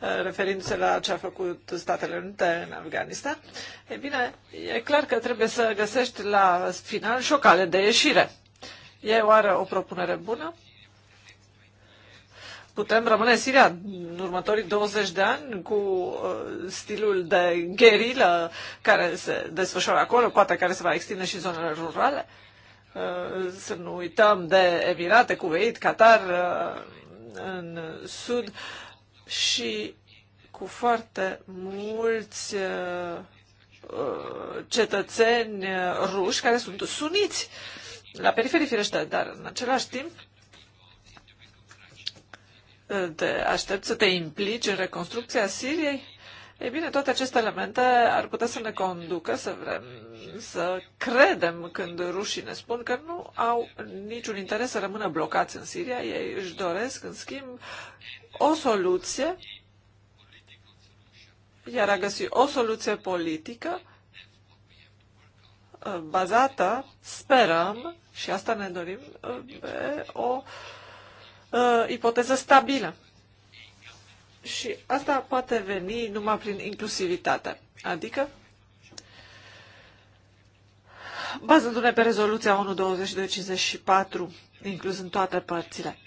uh, referindu-se la ce a făcut Statele Unite în Afganistan. E bine, e clar că trebuie să găsești la final și o cale de ieșire. E oare o propunere bună? Putem rămâne în Siria în următorii 20 de ani cu uh, stilul de gherilă care se desfășoară acolo, poate care se va extinde și zonele rurale? Uh, să nu uităm de Emirate, Cuveit, Qatar uh, în sud și cu foarte mulți uh, cetățeni ruși care sunt suniți la periferie firește, dar în același timp te aștept să te implici în reconstrucția Siriei? Ei bine, toate aceste elemente ar putea să ne conducă să vrem să credem când rușii ne spun că nu au niciun interes să rămână blocați în Siria. Ei își doresc, în schimb, o soluție, iar a găsi o soluție politică uh, bazată, sperăm, și asta ne dorim, uh, pe o uh, ipoteză stabilă și asta poate veni numai prin inclusivitate, adică bazându-ne pe rezoluția 1.2254, incluzând toate părțile.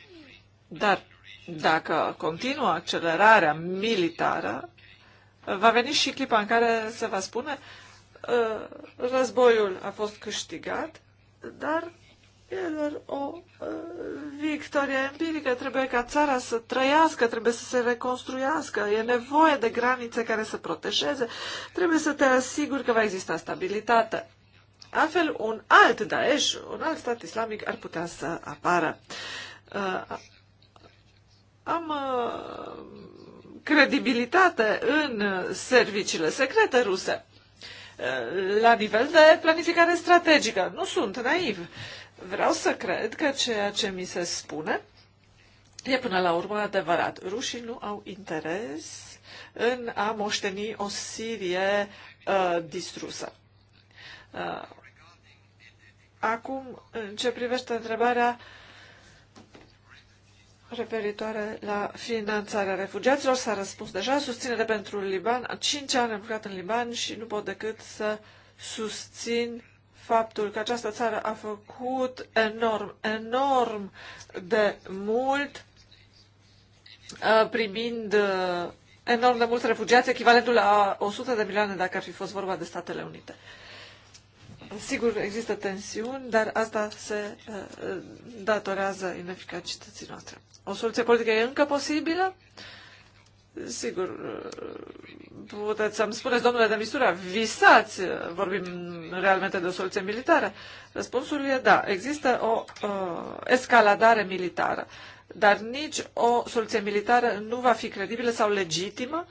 Dar dacă continuă accelerarea militară, va veni și clipa în care se va spune uh, războiul a fost câștigat, dar Elor o victorie empirică. Trebuie ca țara să trăiască, trebuie să se reconstruiască. E nevoie de granițe care să protejeze. Trebuie să te asiguri că va exista stabilitate. Altfel, un alt Daesh, un alt stat islamic ar putea să apară. Am credibilitate în serviciile secrete ruse la nivel de planificare strategică. Nu sunt naiv. Vreau să cred că ceea ce mi se spune e până la urmă adevărat. Rușii nu au interes în a moșteni o Sirie uh, distrusă. Uh, acum, în ce privește întrebarea referitoare la finanțarea refugiaților, s-a răspuns deja, susținere pentru Liban, 5 ani am lucrat în Liban și nu pot decât să susțin faptul că această țară a făcut enorm, enorm de mult, uh, primind uh, enorm de mulți refugiați, echivalentul la 100 de milioane dacă ar fi fost vorba de Statele Unite. Sigur, există tensiuni, dar asta se uh, datorează ineficacității noastre. O soluție politică e încă posibilă? Uh, Sigur, puteți să-mi spuneți, domnule de misura, visați, vorbim realmente de o soluție militară. Răspunsul e da, există o uh, escaladare militară, dar nici o soluție militară nu va fi credibilă sau legitimă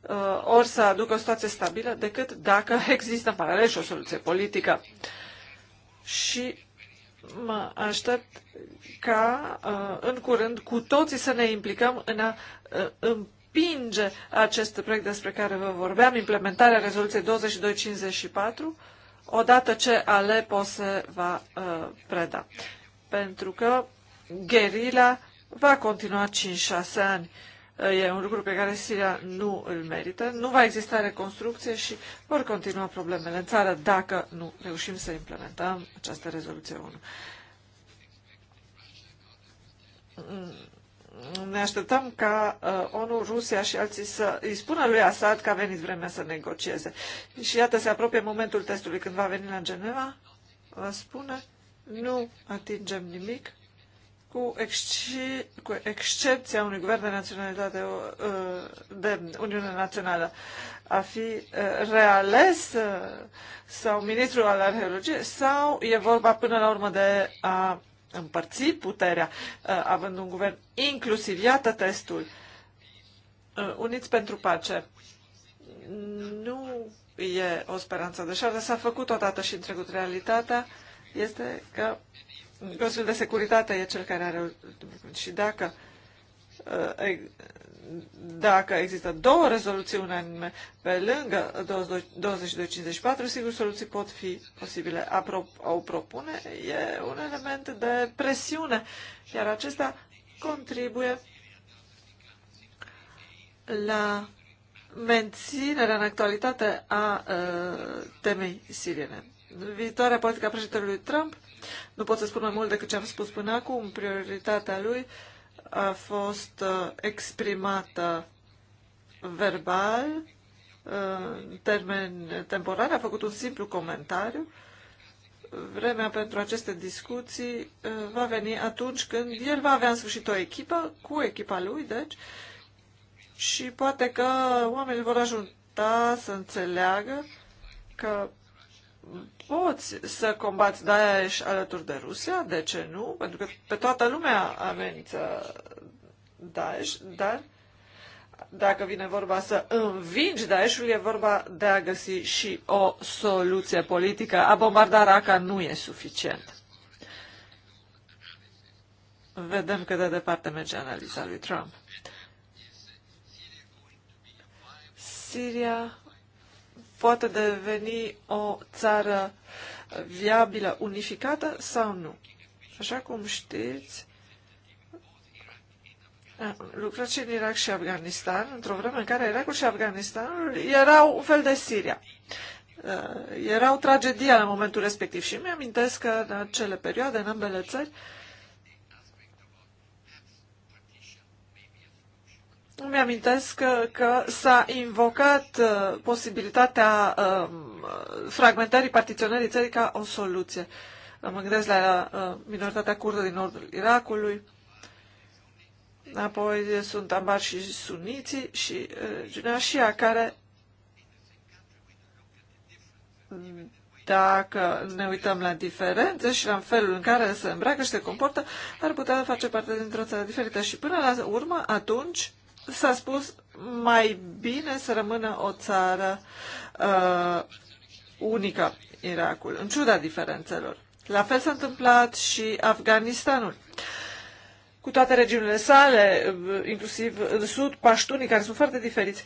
uh, ori să aducă o situație stabilă decât dacă există în paralel și o soluție politică. Și mă aștept ca uh, în curând cu toții să ne implicăm în a uh, respinge acest proiect despre care vă vorbeam, implementarea rezoluției 2254, odată ce Alepo se va uh, preda. Pentru că gherila va continua 5-6 ani. Uh, e un lucru pe care Siria nu îl merită. Nu va exista reconstrucție și vor continua problemele în țară dacă nu reușim să implementăm această rezoluție 1 ne așteptăm ca uh, ONU, Rusia și alții să îi spună lui Assad că a venit vremea să negocieze. Și iată, se apropie momentul testului când va veni la Geneva, va spune, nu atingem nimic, cu, exce- cu excepția unui guvern de naționalitate uh, de Uniune Națională. A fi uh, reales uh, sau ministrul al arheologiei sau e vorba până la urmă de a împărți puterea, uh, având un guvern inclusiv. Iată testul. Uh, uniți pentru pace. Nu e o speranță de șară. S-a făcut odată și în trecut. Realitatea este că Consiliul de Securitate e cel care are și dacă uh, dacă există două rezoluții unanime pe lângă 2254, sigur soluții pot fi posibile. A, pro, a o propune e un element de presiune, iar acesta contribuie la menținerea în actualitate a uh, temei siriene. Viitoarea politică a președintelui Trump, nu pot să spun mai mult decât ce am spus până acum, prioritatea lui uh, a fost uh, exprimată verbal, uh, în termen temporar, a făcut un simplu comentariu. Vremea pentru aceste discuții uh, va veni atunci când el va avea în sfârșit o echipă, cu echipa lui, deci, și poate că oamenii vor ajunta să înțeleagă că poți să combați Daesh alături de Rusia, de ce nu? Pentru că pe toată lumea amenință Daesh, dar dacă vine vorba să învingi Daeshul, e vorba de a găsi și o soluție politică. A bombarda Raqqa nu e suficient. Vedem cât de departe merge analiza lui Trump. Siria poate deveni o țară viabilă, unificată sau nu. Așa cum știți, lucrați în Irak și Afganistan, într-o vreme în care Irakul și Afganistanul erau un fel de Siria. Uh, erau tragedia la momentul respectiv și mi-amintesc că în acele perioade, în ambele țări, Îmi amintesc că, că s-a invocat uh, posibilitatea uh, fragmentării, partiționării țării ca o soluție. Mă gândesc la uh, minoritatea curdă din nordul Irakului, apoi sunt ambar și suniții și uh, care dacă ne uităm la diferențe și la felul în care se îmbracă și se comportă, ar putea face parte dintr-o țară diferită. Și până la urmă, atunci, s-a spus mai bine să rămână o țară uh, unică, Irakul, în ciuda diferențelor. La fel s-a întâmplat și Afganistanul. Cu toate regiunile sale, uh, inclusiv în sud, paștunii, care sunt foarte diferiți.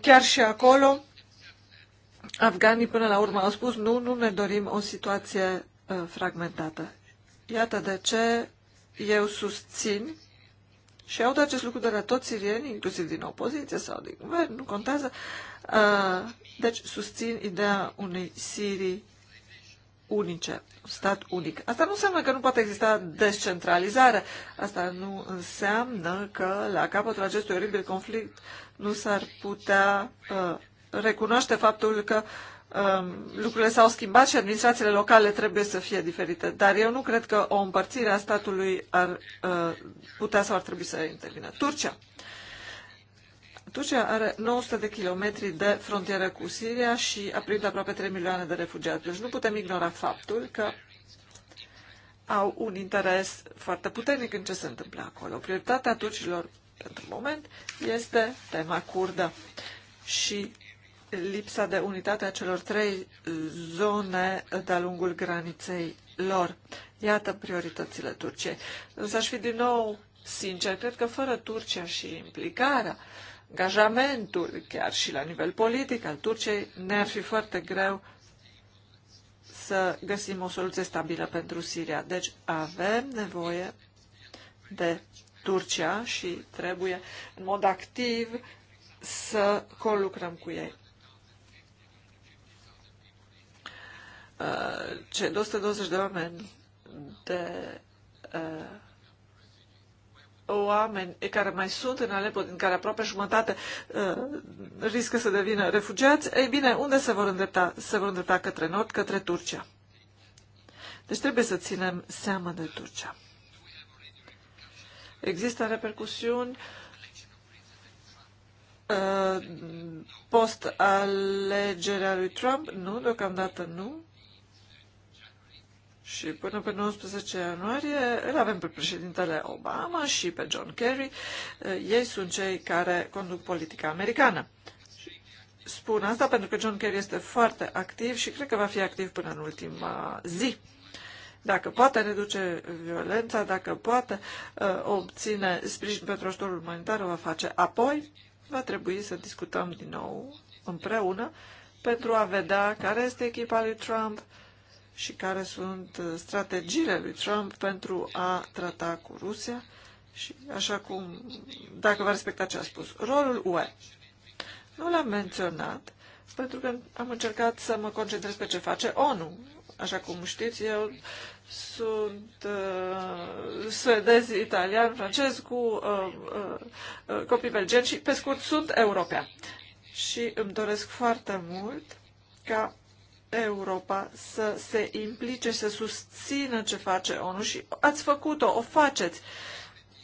Chiar și acolo, afganii până la urmă au spus nu, nu ne dorim o situație uh, fragmentată. Iată de ce eu susțin și aud acest lucru de la toți sirieni, inclusiv din opoziție sau din guvern, nu contează. Uh, deci susțin ideea unei Sirii unice, un stat unic. Asta nu înseamnă că nu poate exista descentralizare. Asta nu înseamnă că la capătul acestui oribil conflict nu s-ar putea uh, recunoaște faptul că Um, lucrurile s-au schimbat și administrațiile locale trebuie să fie diferite. Dar eu nu cred că o împărțire a statului ar uh, putea sau ar trebui să intervină. Turcia. Turcia are 900 de kilometri de frontieră cu Siria și a primit aproape 3 milioane de refugiați. Deci nu putem ignora faptul că au un interes foarte puternic în ce se întâmplă acolo. Prioritatea turcilor pentru moment este tema curdă și lipsa de unitate a celor trei zone de-a lungul graniței lor. Iată prioritățile Turciei. Însă aș fi din nou sincer, cred că fără Turcia și implicarea, angajamentul, chiar și la nivel politic al Turciei, ne-ar fi foarte greu să găsim o soluție stabilă pentru Siria. Deci avem nevoie de Turcia și trebuie în mod activ să colucrăm cu ei. uh, cei 220 de oameni de uh, oameni care mai sunt în Alepo, din care aproape jumătate uh, riscă să devină refugiați, ei bine, unde se vor îndrepta? Se vor îndrepta către nord, către Turcia. Deci trebuie să ținem seama de Turcia. Există repercusiuni uh, post-alegerea lui Trump? Nu, deocamdată nu. Și până pe 19 ianuarie îl avem pe președintele Obama și pe John Kerry. Eh, ei sunt cei care conduc politica americană. Spun asta pentru că John Kerry este foarte activ și cred că va fi activ până în ultima zi. Dacă poate reduce violența, dacă poate uh, obține sprijin pentru ajutorul umanitar, o va face. Apoi va trebui să discutăm din nou împreună pentru a vedea care este echipa lui Trump, uh, și care sunt uh, strategiile lui Trump pentru a trata cu Rusia și așa cum, dacă va respecta ce a spus, rolul UE. Nu l-am menționat pentru că am încercat să mă concentrez pe ce face ONU. Așa cum știți, eu sunt uh, suedez, italian, francez cu uh, uh, uh copii belgeni și, pe scurt, sunt european. Și îmi doresc foarte mult ca Europa să se implice, să susțină ce face ONU și ați făcut-o, o faceți.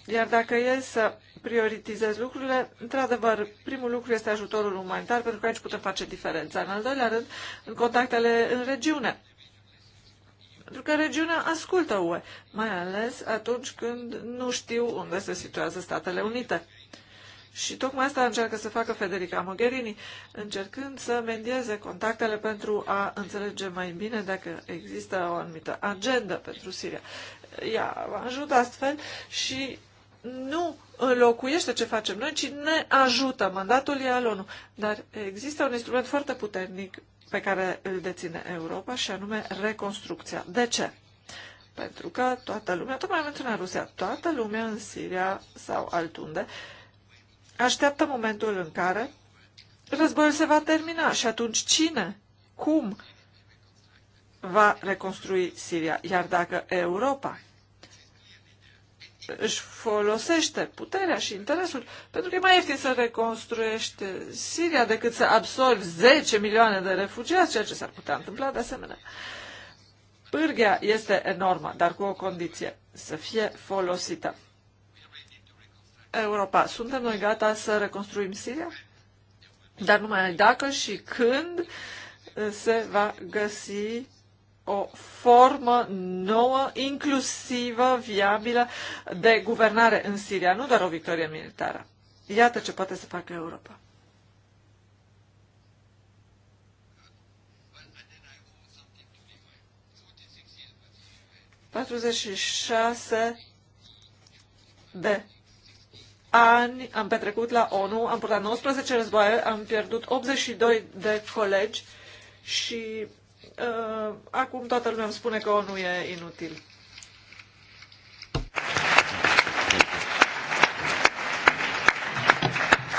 Iar dacă e să prioritizez lucrurile, într-adevăr, primul lucru este ajutorul umanitar, pentru că aici putem face diferența. În al doilea rând, în contactele în regiune. Pentru că regiunea ascultă UE, mai ales atunci când nu știu unde se situează Statele Unite. Și tocmai asta încearcă să facă Federica Mogherini, încercând să mendieze contactele pentru a înțelege mai bine dacă există o anumită agendă pentru Siria. Ea ajută astfel și nu înlocuiește ce facem noi, ci ne ajută. Mandatul e al ONU. Dar există un instrument foarte puternic pe care îl deține Europa și anume reconstrucția. De ce? Pentru că toată lumea, tocmai menționa Rusia, toată lumea în Siria sau altunde, uh, așteaptă momentul în care războiul se va termina și atunci cine, cum va reconstrui Siria? Iar dacă Europa își folosește puterea și interesul, pentru că e mai ieftin să reconstruiești Siria decât să absorbi 10 milioane de refugiați, ceea ce s-ar putea întâmpla de asemenea. Pârghia este enormă, dar cu o condiție, să fie folosită. Europa. Suntem noi gata să reconstruim Siria? Dar numai dacă și când uh, se va găsi o formă nouă, inclusivă, viabilă de guvernare în Siria, nu doar o victorie militară. Iată ce poate să facă Europa. ...46 de ani am petrecut la ONU, am purtat 19 războaie, am pierdut 82 de colegi și uh, acum toată lumea îmi spune că ONU e inutil.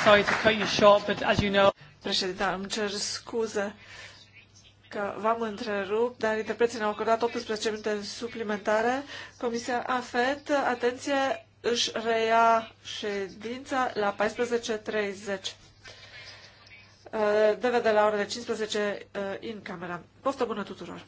Sorry to cut you short, but as you know... Președinte, îmi cer scuze că v-am întrerupt, dar interpreții ne-au acordat 18 minute suplimentare. Comisia AFET, atenție, își reia ședința la 14.30. Eh, Deve de la de 15 în camera. Poftă bună tuturor!